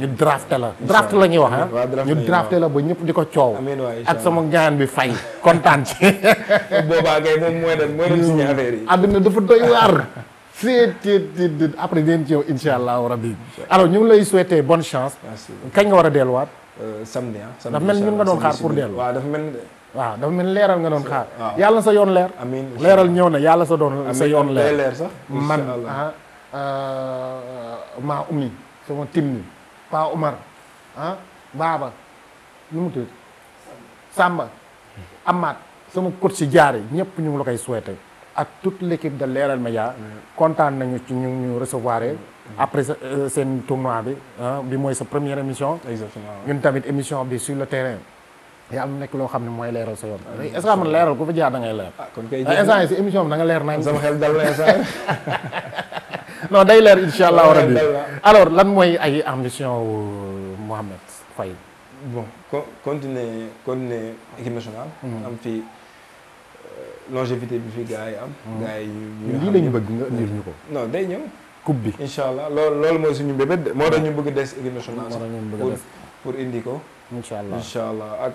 ñu drafté la. draft la ñuy wax a ah. ñu drafté la ba ñëpp di ko coow. amiin waay ak sama gaan bi fay kontaan ci. boobaa kay moom mooy dem mooy dem suñu affaire yi. dafa doy waar. seet seet après dinañ ci yow incha allahu rabbi alors ñu ngi lay souhaiter bon chance. kañ nga war a delluwaat. Euh, samedi ah samedi dafa mel ñun nga doon xaar pour dellu. waaw dafa mel waaw mel leeral nga doon xaar. yàlla sa yoon leer. amiin leeral ñëw na yàlla sa doon sa yoon leer. leer sax man ah, ah maa umi sama tim ni Pa Umar ah Baaba nu mu tudd Samba Amath sama coach si jaar yi ñëpp ñu la koy souhaiter. ak tout l' équipe leeral Leral Média nañu ci ñu ñu recevoir e après euh, seen tournoi bi bi mooy sa première émission exactement ñun tamit émission bi sur le terrain yàlla na nekk loo xam ne mooy leeral sa yoon ah, est-ce que xam ne leeral ku fa jaar da leer ah, ah, instant yi si émission bi da nga leer nañ sama xel dal na instant day leer insha allahu rabbi alors lan mooy ay ambition euh, Mouhamed fay bon continuer équipe nationale hmm. longévité bi fi gars yi am. Hmm. gars yi ñu lii lañu bëgg nga indil ñu ko. non day ñëw. coupe bi incha allah loolu loolu mooy suñu bébét moo tax ñu bëgg des équipe nationale. pour pour indi ko. incha allah ak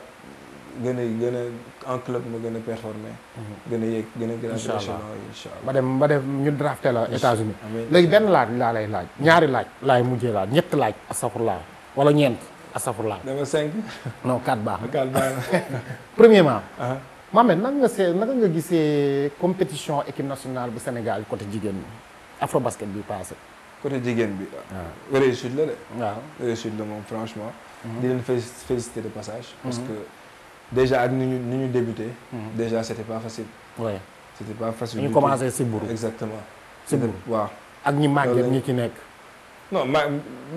gën a gën a en gën a performé. Hmm. gën a yéeg gën a a. incha allah incha allah ba ñu drafté la États-Unis léegi benn laaj laa lay laaj ñaari laaj laay mujjee laaj ñett laaj astafurlaa wala ñeent astafurlaa. dama cinq. non quatre baax. quatre baax premièrement. Ah. Mohamed nan nga see naka nga gisee compétition équipe nationale bu Sénégal côté jigéen bi afrobasket bi passé. côté jigéen bi. waaw ah. ah. réussite la de. waaw ah. réussite la moom franchement. Mhm. di leen féliciter de passage. Mhm. parce que déjà ak ni ñu ni ñu débuté. Mhm. déjà c'était pas facile. oui c'était pas facile. ñu commencé Siburu exactement. Siburu waaw. ak ñi màgget ñi ci nekk. non ma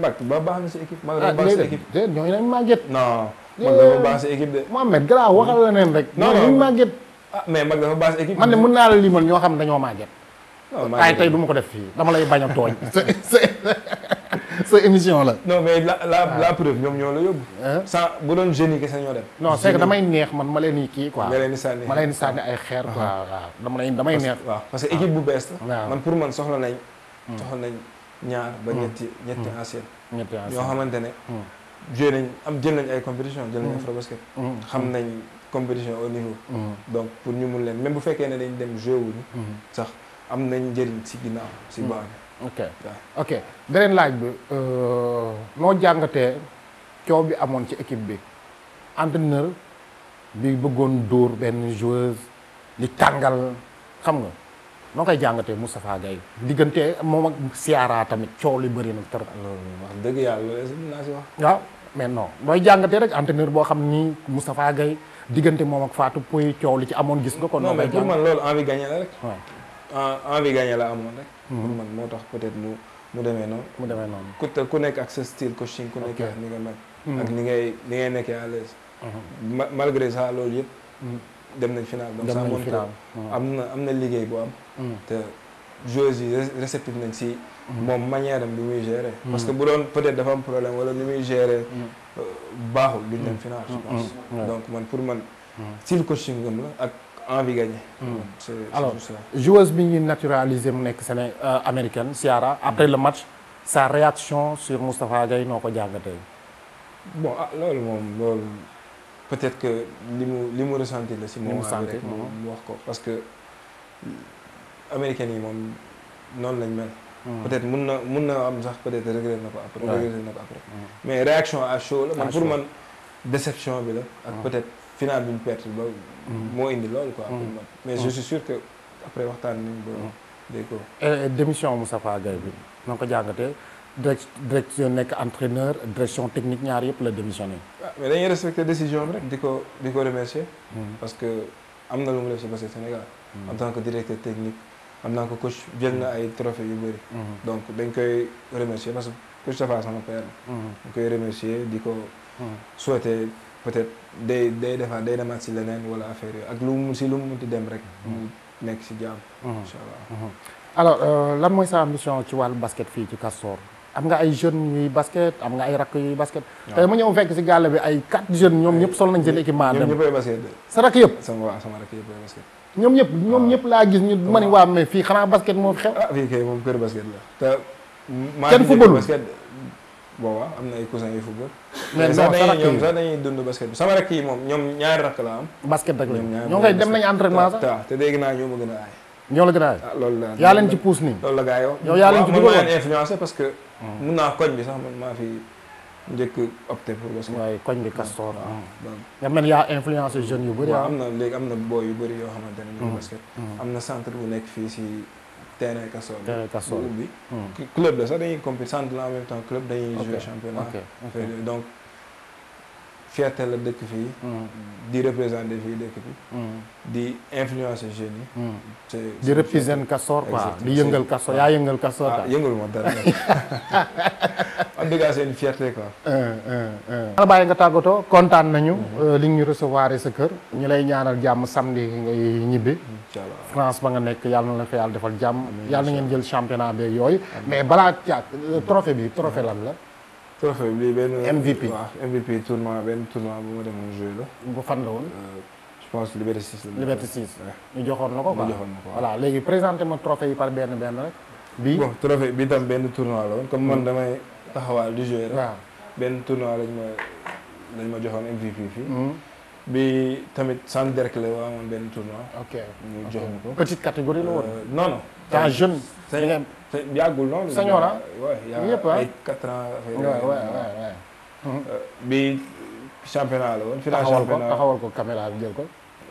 mag ba baax na si équipe. ah léegi déedéet ñooñu dañu màgget. non. man dafa baax si équipe màgget. ah mais mag dafa baax si man ne mën naa la limal ñoo xam ne dañoo màgget. waaw tey du ma ko def fii dama lay bañ a tooñ. sa émission la. non la la ah. la ñoom ñoo la yóbbu. sans bu doon jeunes ñoo dem. non c'est damay neex man ma leen di kii ko ma leen ma leen di sànni ay xeer. Ah. waaw waaw damay neex. waaw parce que ah. équipe bu bees la. man pour man soxla nañ. Hmm. soxla nañ ñaar ba hmm. ñetti ñetti hmm. ñetti anciens ñoo xamante ne. joué nañ am jël nañ ay compétition jël nañ mm. Afrobasket mm. xam mm. nañ compétition au niveau donc pour ñu mun leen même bu fekkee ne dañ dem joué wuñu sax am nañ njëriñ si ginnaaw si baax ok ok beneen laaj bi euh, noo jàngatee coow bi amoon ci équipe bi entraîneur bi bëggoon dóor benn joueuse li tàngal xam nga noo koy jàngatee Moustapha Gaye diggante moom ak Ciara tamit coow li bëri na trop. loolu dëgg yàlla loolu est naa si wax. waaw mais non nooy jàngatee rek entraîneur boo xam ni Moustapha Gaye diggante moom ak Fatou Pouye coow li ci amoon gis nga ko non ma pour man loolu envie gagné la rek. Ah, envie gagné la amoon rek. Mhm. pour man moo tax peut mu demee noonu. mu demee noonu ku te nekk ak sa style coaching ku nekk ni nga mel. Mhm. ak ni ngay ni ngay nekkee à l'aise. Mhm. malgré ça loolu yëpp. dem nañ final donc ça montre am na am na liggéey boo am mm. te joueurs yi nañ si mm. moom manière am bi muy gérer mm. parce que bu doon peut dafa am problème wala nu muy gérer euh, baaxul duñ dem final je donc man pour man si le coaching am la ak envie gagné c'est alors bi ñu naturalisé mu nekk Séné euh, américaine Ciara après le match sa réaction sur Moustapha Gueye noo ko jàngatee bon ah loolu moom loolu peut-être que li mu li mu ressentir la si moom rek moom mu wax ko parce que américains yi moom noonu lañ mel hmm. peut-être mun na mun na am sax peut-être regret na ko après regret na ko après hmm. mais réaction à chaud la man pour man déception bi la ak hmm. peut-être final bi ñu perte ba moo indi loolu quoi pour man mais je suis que après waxtaan nañ ba dégg ko démission Moustapha Gaye bi na nga ko jàngatee direct direction nekk entraîneur direction technique ñaar yëpp la démissionné. waaw ah, mais dañuy respecté décision bi rek di ko di ko remercier. Hmm. parce que am na lu mu def si basket Sénégal. Hmm. en tant que directeur technique am naa ko coach jël na ay trophées yu bëri. Hmm. donc dañ koy remercier parce que coach Tafa sama père la. dañ koy remercier di ko. souhaiter peut-être day day defaat day demaat si leneen wala affaire yooyu ak lu mu si lu mu munti dem rek. mu nekk si jàmm. incha allah alors euh, lan mooy sa ambition ci wàllu basket fii ci Castor. am nga ay jeunes ñuy basket am nga ay rakk yuy basket. tey ma ñëw fekk si gàll bi ay quatre jeunes ñoom ñëpp sol nañ seen équipement. dem ñëpp ay basket sa rakk yëpp. sama waaw sama rakk yëpp ay basket. ñoom ñëpp ñoom ñëpp laa gis ñu ma ni waa mais fii xanaa basket moo fi xew. ah fii kay moom kër basket la. te maa ngi football basket booba am na ay cousins yu football. mais sama rakk yi ñoom sax dañuy dund basket bi sama rakk yi moom ñoom ñaari rakk la am. basket rek la ñoom ngay dem nañu entraînement sax. te dégg naa ñoo ma gën a aay. ñoo la gën a aay. ah loolu la yaa leen ci pousse nii. loolu la gaa yow. yow yaa leen ci dugal woon influencé parce que mun naa koñ bi sax man maa fi njëkk opté pour basket. waaye koñ bi Castor ah. man ah. yaa influence jeunes yu bëri ah. am na léegi am na booy yu bëri yoo xamante ne ñoom mm. basket. Mm. am na centre bu nekk fii si terrain Castor. terrain bi ubbi. Mm. club la sax dañuy compétir centre la en même temps club dañuy jouer championnat. fierté la dëkk fii. Mm-hmm. di représenter fii dëkk bi. Mm-hmm. di influencer jeunes yi. Mm-hmm. c' est di représenter Castors quoi yëngal Castors yëngal Castors ah, yëngalu ma dara en tout cas seen fierté quoi. Euh, euh, euh. bàyyi nga tàggatoo kontaan nañu. li ñu recevoir sa kër. ñu lay ñaanal jàmm samedi ngay ñibbi. France ba nga nekk yàlla na la fa yàlla defal jàmm. yàlla na ngeen jël championnat beeg yooy mais balaa trophée bi trophée lan la. trophée bi benn. MVP waaw MVP tournoi benn tournoi bu ma demoon joué la. bu fan la woon. Euh, je pense Liberté 6 la. Liberté 6 ñu joxoon na ko quoi léegi présenté ma trophée yi par benn benn rek. bi trophée bi la woon comme man mm. damay taxawaal di joué rek. waaw benn mm. bi tamit San Derkle waa amoon benn tournoi. ok ñu jox ñu ko. petite catégorie la woon. Euh, non non. t'as jeune. yàggul noonu. sañoon na ñëpp ah ay quatre ans. waaw bi championnat la woon. final championnat taxawal ko jël ko.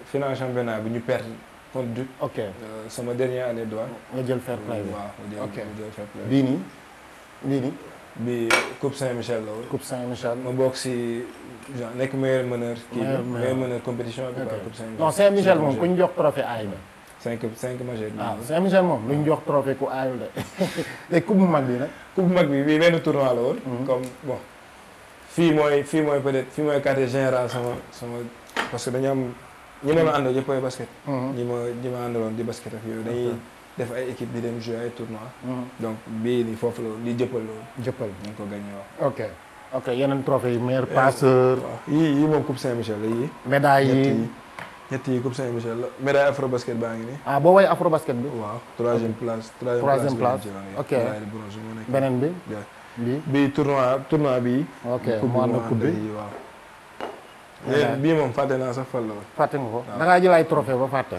final championnat bi ñu perte contre Duc. ok euh, sama dernière année droit. nga jël fair play bi waaw bi Coupe Saint-Michel la woon. Coupe Saint-Michel ma bokk nekk meilleur meneur. meilleur meneur kii meilleur meneur compétition Coupe Saint-Michel non saint ku ñu jox trophée aay na. cinq cinq majeurs. waaw ah, cinq majeurs moom lu ñu jox trophée ku aayul de te coupe mag bi nag. coupe bu mag bi bii benn tournoi la woon. Mhm. comme bon fii mooy fii mooy peut être fii mooy quartier général sama sama parce que dañu am ñi ma la àndal yëpp ay basket. Mhm. ñi ma ñi ma àndaloon di basket ak yooyu dañuy. def ay équipe di dem jouer ay tournoi. Mhm. donc bii foofu la li jëppal loolu. jëppal ñu ngi ko gagné waaw. ok ok yeneen trophée yi meilleur passeur. yii yii moom coupe Saint-Michel la yii. médailles ñett yi Coupe Saint-Michel la médaille afro basket baa ngi nii. ah boo way afro basket bi. waaw troisième place. troisième place ok beneen bi. bii bii tournoi tournoi eh eh, bii. ok moom fàtte naa sax fan la fàtte nga ko da ngaa jël ay trophée ba fàtte.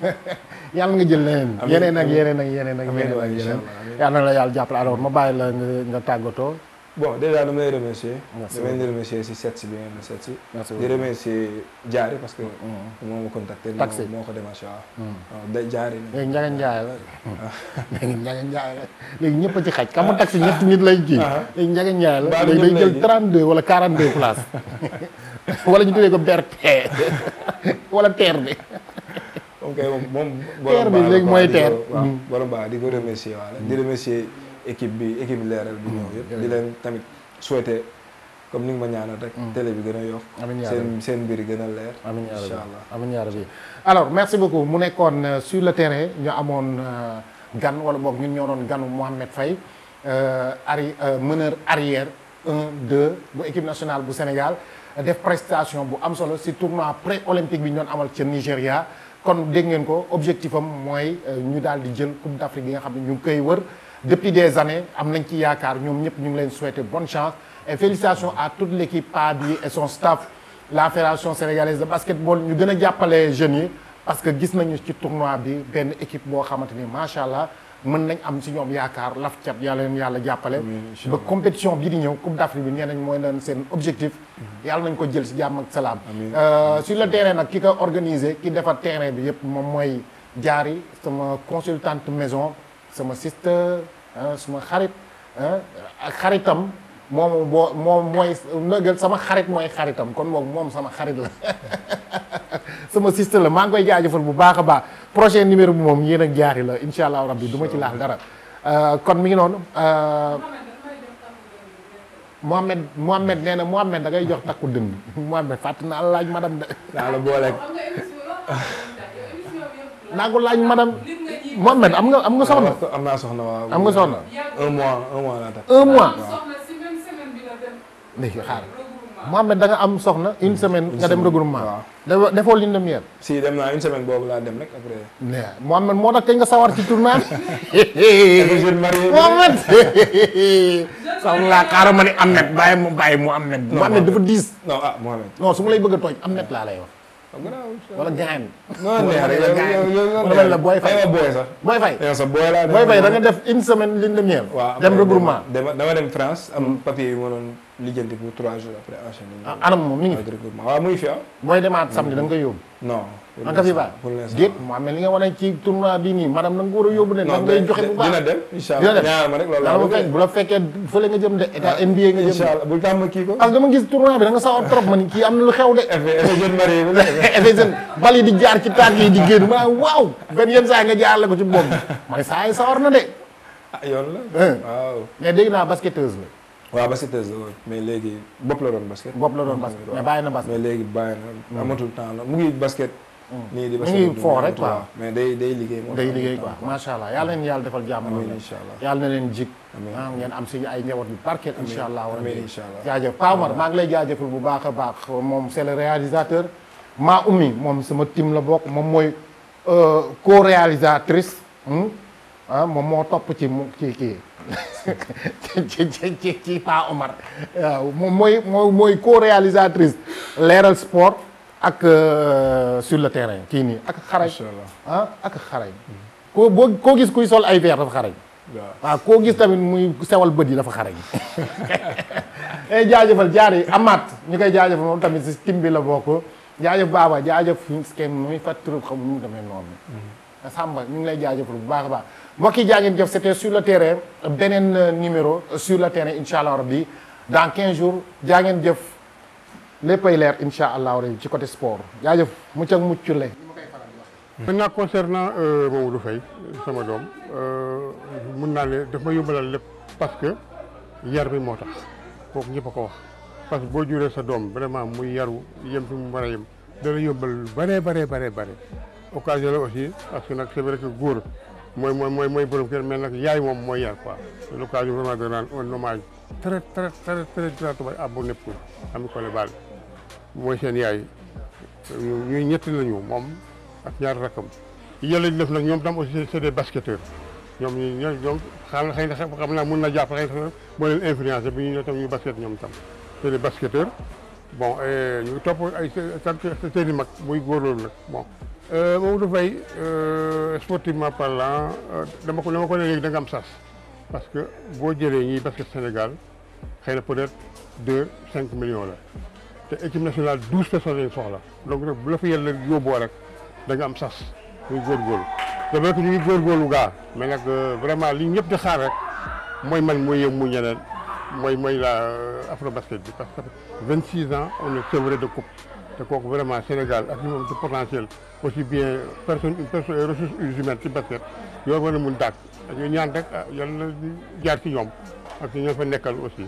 yàlla nga jël leneen. yeneen ak yeneen ak yeneen ak yeneen yàlla na yàlla jàppale alors ma bàyyi la nga tàggatoo. bon déjà dama lay remercier. merci si seet bi ngeen di di remercier Diary parce que. Mm, mm, mm. moo ma contacté. taxi moo ko démarché ah, waaw. léegi Ndiaga léegi Ndiaga a ci xaj. xam taxi ñetti ah. nit lay ji. léegi ah. Ndiaga Ndiaye la léegi day jël ñu tuddee ko BRT wala TER bi. moom. borom baax la baax di ko remercier waaw di remercier. équipe bi équipe leeral bi ñëw mm, yëpp di leen tamit souhaiter comme ni nga ma ñaanal rek. Mm. télé bi gën a yokk. amiin seen seen mbir gën a leer. amiin yaa rabbi incha allah amiin yaa rabbi alors merci beaucoup mu nekkoon euh, sur le terrain ñu amoon euh, gan wala boog ñun ñoo doon ganu Mouhamed Faye euh, ari meneur arrière 1 2 bu équipe nationale bu Sénégal def prestation bu am solo si tournoi pré olympique bi ñu doon amal ca Nigéria kon dégg ngeen ko objectif am mooy ñu daal di jël Coupe d'Afrique bi nga xam ne ñu ngi koy wër. depuis des années am nañ ci yaakaar ñoom ñëpp ñu ngi leen souhaiter bonne chance et félicitations à tout l'équipe PAD bi et son staff la fédération sénégalaise de basketball ñu gën a jàppale jeunes yi parce que gis nañu ci tournoi bi benn équipe boo xamante ni macha allah mën nañ am si ñoom yaakaar laf cat yaa leen yàlla jàppale ba compétition bii di ñëw coupe d'Afrique bi nee nañ mooy doon seen objectif yàlla nañ ko jël si jàmm ak salaam euh, sur le terrain nag ki ko organisé ki terrain bi yëpp moom mooy jaari sama consultante maison sama sister ah, suma xarit ah, ak xaritam moom boo moom mooy nëgal sama xarit mooy xaritam kon moom moom sama xarit la sama sister la maa ngi koy jaajëfal bu baax a baax projet numéro bi moom yéen ak jaari la incha allah rabbi du ma ci laal dara ah, kon mi ngi noonu. Mohamed Mohamed nee na Mohamed da ngay jox takku dënn Mohamed fàtt naa laaj madame de. naa la boole. naa ko laaj madame. Mohamed am nga am nga ah, soxna. am naa soxna am nga soxna. un mois un mois laa tax. un mois léegi xaar Mohamed da nga am soxna une semaine. nga dem regroupement waaw. defoo ligne de miel. si dem naa une semaine boobu laa dem rek après. mais Mohamed moo tax kañ nga sawar ci tournage. Mohamed. soxna xaaral ma ne am net bàyyi mu bàyyi mu am net. Mohamed dafa diis. Ah, non su ma lay bëgg a tooñ am net laa lay wax. wala gaañ. non non la booy fay booy sax. booy fay yow sax booy laa. booy def une semaine ligne de miel. waaw dem regroupement. dama dem France am papier yu ma doon lijjanti pour trois jours après enchaîné. anam moom mi ngi fi. waaw mu ngi fi ah. booy demaat samedi da nga koy yóbbu. non. Anta Fiba déet mu amee li nga wane ci tournoi bi nii maanaam nga ko war a yóbbu ne da ngay joxe bu baax dina dem incha allah bu la fekkee fële nga jëm de état NBA nga jëm incha allah bul kii ko am na lu xew de effet jeune bal yi di jaar ci tànk yi di génn waaw benn yenn nga jaar la ko ci bopp mooy saa yi sawar na de ah yoon la waaw mais dégg naa basketteuse la waaw basketteuse la mais léegi la doon basket bopp la doon basket mais na basket mais léegi bàyyi na amatul temps la mu ngi basket Mm. nii di ba foo rek quoi mais day day liggéey day liggéey quoi macha allah yàlla leen yàlla defal jàmm incha allah yàlla leen jik a ah, ngeen am si ay njaboot yu barkeel incha allah amiin incha allah jaajëf Pamar lay jaajëfal bu baax a baax moom c'est le réalisateur maa ummi moom sama team la bokk moom mooy euh, co-réalisatrice hmm? ah, moom moo topp ci mu ci kii ci ci ci ci Pa moom mooy mooy co-réalisatrice Leral Sport ak euh, sur le terrain kii nii ak xarañ ah ak xarañ koo koo gis kuy sol ay verre dafa xarañ waaw koo gis tamit muy sewal bët yi dafa xarañ ay eh, jaajëfal jaar yi amaat ñu koy jaajëfal moom tamit si tim bi la bokk jaajëf baaba jaajëf ken muy fàttali xam nu mu demee noonu mm-hmm. Samba ñu ngi lay jaajëfal bu baax a baax mbokk yi jaa ngeen jëf c'était sur le terrain beneen euh, numéro euh, sur le terrain incha allah rabbi dans 15 jours jaa jëf léppay leer incha allah rek ci côté sport jaajëf mucc ak mucc lay. maintenant concernant Mamadou Faye sama doom mun naa ne daf ma yóbbalal lépp parce que yar bi moo tax kooku ñëpp ko wax parce que boo juree sa doom vraiment muy yaru yem mu war a yem dana yóbbal lu bare bare bare bare occasion la aussi parce que nag c'est vrai góor mooy mooy mooy mooy borom kër nag yaay moom mooy yar quoi l'occasion vraiment de rendre un hommage très très très très gratuit à Abou Nepcoune ami Collé Baldé mooy seen yaay ñuy ñetti lañu moom ak ñaar rakkam yàlla def nag ñoom tam aussi c'est des basketteurs ñoom ñu ñoom xam xëy na xam naa mën na jàpp xëy na moo leen bi ñu ñoo tam ñoom tam c'est des bon ñu topp ay seeni mag muy góor loolu nag bon euh, Mamadou Faye euh, sportivement parlant euh, dama ko dama ko ne léegi da am sas parce que boo jëlee ñiy basket Sénégal xëy na peut-être deux cinq millions la te équipe nationale douze personnes lañ donc bu la fa yàlla yóbboo rek da am sas muy góorgóorlu c'est vrai que ñu ngi góorgóorlu gaa mais nag euh, vraiment li ñëpp di xaar rek mooy man mooy yëm mu ñeneen mooy mooy la euh, afrobasket bi parce que vingt six ans on est sevré de coupe te kooku vraiment Sénégal ak ñi moom ci potentiel aussi bien personne une personne euh, ressources humaines ci basket yoo war a mun daag dañuy ñaan rek yàlla jaar ci ñoom ak ñoo fa nekkal aussi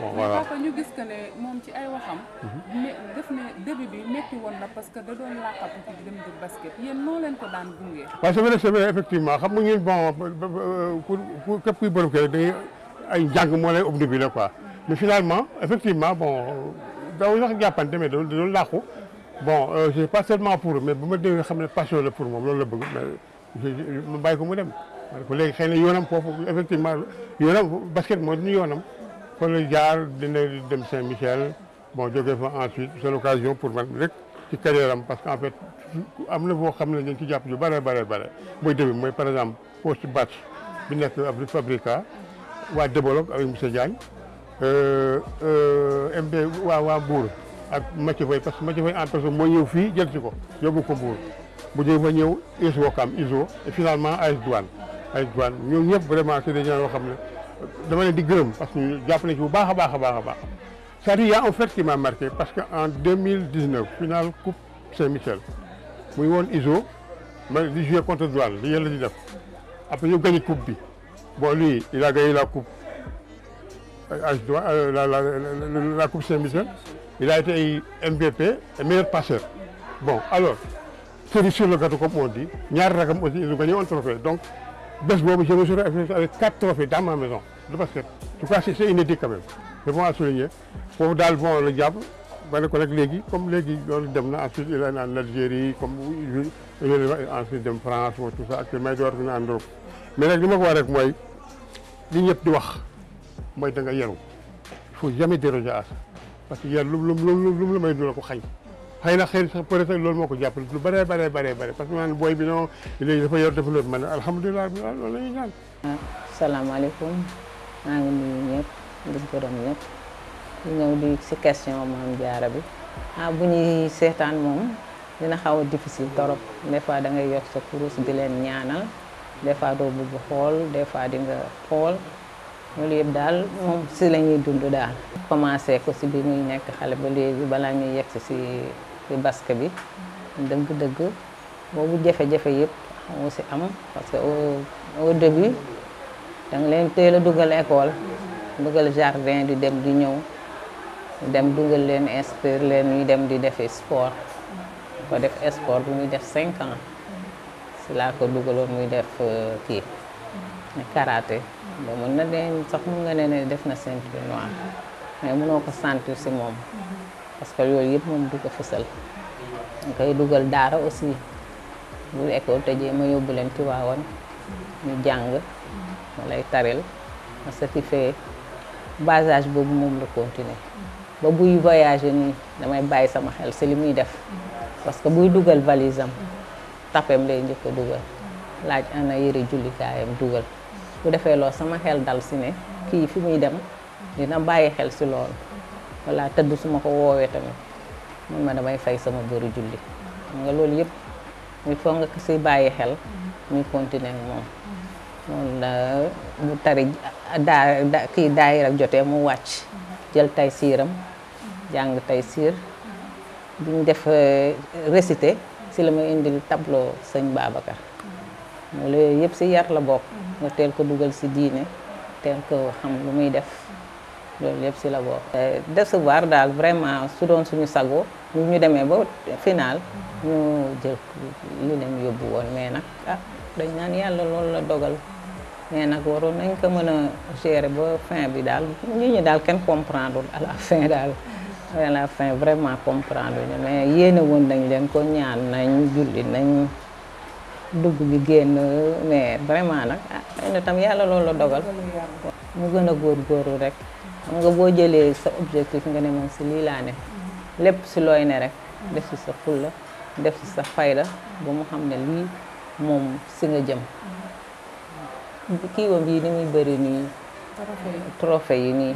bon voilà que moom ci ay waxam. Mhm. def ne début bi métti woon na parce que da doon laqatu ci dem di basket yéen noo leen ko daan gunge. waaw c'est vrai effectivement xam nga ñun bon ku képp kuy bëri kër da ngay ay jàng moo lay obnubilé quoi mhm. mais finalement effectivement bon daaw sax jàppante mais da doon làqu bon c'est euh, pas seulement pour mais ba ma déggee xam ne passion la pour moom loolu la bëgg mais ma bàyyi ko mu dem. ma ko léegi xëy yoonam foofu effectivement kon la jaar dina dem Saint-Michel bon jogee fa ensuite c'est l'occasion pour man rek ci carrière am parce que en fait am na boo xam ne dañ ci jàpp yu bare bare bare mooy début mooy par exemple poste batch bi nekk abri fabrica waa développe avec monsieur Diagne euh, euh, MD waa waa Mbour ak Mathieu Faye parce que Mathieu Faye en personne moo ñëw fii jël ko yóbbu ko Mbour bu jógee fa ñëw ISO Wokam ISO et finalement AS Douane AS Douane ñoom ñëpp vraiment c'est des gens yoo xam ne dama leen di gërëm parce que jàpp na ci bu baax baax a baax a baax c'est-à-dire y m'a marqué parce que en deux mille dix neuf finale coupe Saint-Michel muy woon ISO ma di jouer contre Douane li yàlla di def après ñu gagné coupe bi bon lui il a gagné la coupe euh, euh, la la coupe Saint-Michel il a été MVP et meilleur passeur bon alors cerise sur le gâteau comme on dit ñaari aussi ils ont gagné donc. bés boobu je me suis retrouvé avec quatre trophées dans ma maison de basket. en tout cas c'est inédit quand même c'est bon à souligner foofu daal bon la jàpp ba ne ko nag léegi comme léegi loolu dem na ensuite il est en Algérie comme il est ensuite dem France moom tout ça actuellement door na en Europe mais nag li ma ko wax rek mooy li ñëpp di wax mooy da nga yaru il faut jamais déroger à parce que yar lu mu lu mu lu mu la may du la ko xañ. xëy na xëy sax peut-être loolu moo ko jàppale lu bëree bare bëree bëri parce que booy bi non léegi dafa yor développement man alhamdulilah loolu la ñuy ñaan. waaw salaamaaleykum maa ngi nuyu ñëpp di gërëm ñëpp di si question Mame jaara bi ah bu ñuy seetaan moom dina xaw a difficile torop des fois da ngay yor sa kurus di leen ñaanal des fois doo bëgg xool des fois di nga xool loolu daal moom si la ñuy dund daal. commencé ko si bi muy nekk xale ba léegi balaa ñuy yegg si. bi basque bi dëgg-dëgg boobu jafe-jafe yëpp xamoo si am parce que au début da nga leen teel a dugal école dugal jardin di dem di ñëw dem dugal leen inspire leen ñuy dem di defi sport ko def sport bu muy def cinq ans si laa ko dugaloon muy def euh, kii karaté ba mën na ne sax mun nga ne ne def na ceinture noire mais mënoo ko sentir si moom parce que yooyu yëpp moom du ko fësal nga koy dugal daara aussi bu école tëjee ma yóbbu leen Tiwaawan ñu jàng ma lay taril ma certifié bas âge boobu moom la continuer ba buy voyager nii damay bàyyi sama xel si li muy def parce que buy dugal valise tapem lay njëkk a dugal laaj ana yëre jullikaayam dugal bu defee lool sama xel dal si ne kii fi muy dem dina bàyyi xel si loolu wala tëdd su ma ko woowee tamit mun ma damay fay sama bëru julli xam nga loolu yëpp il faut nga si bàyyi xel muy continuer moom moom la bu tari daa kii daayira ak jotee mu wàcc jël tay siiram jàng tay siir buñ def euh, récité si la may indil tableau sëñ Babacar loolu yëpp si yar la bokk nga teel ko dugal si diine teel ko xam lu muy def loolu yëpp si la bokk. Eh, décevoir daal vraiment su doon suñu sago ñu demee ba finaal ñu jël li leen yóbbu woon mais nag ah dañ naan yàlla loolu la dogal mais nag waroon nañ ko mën a gérer ba fin bi daal ñu daal kenn comprendre à la fin fin vraiment comprendre ñu mais yéene woon nañ leen ko ñaan nañ julli nañ dugg bi génn mais vraiment nag ah xëy tam yàlla loolu la dogal. mu gën a góor góorgóorlu rek. xam nga boo jëlee sa objectif nga ne moom si lii laa ne mm-hmm. lépp si looy ne rek mm-hmm. def si sa fulla def si sa fayda mm-hmm. ba mu xam ne lii moom si nga jëm kii wam yi ni muy bëri nii trophée yi nii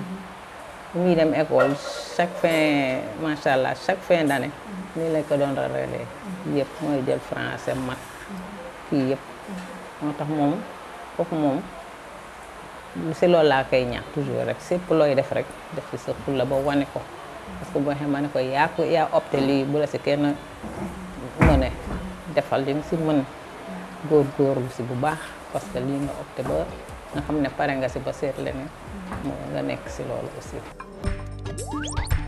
muy dem école chaque fin macha allah chaque fin d'année nii lañ ko doon révélé yëpp mooy jël français mat kii yëpp moo tax moom foofu moom si loolu laa koy ñaax toujours rek sépp looy def rek def ci sa la ba wane ko parce que boo xamee ne ko yaa yaa opté lii bu la si kenn mëne defal li si mën góor góorlu si bu baax parce que lii nga opté ba nga xam ne pare nga si ba seet leneen moo nga nekk si loolu aussi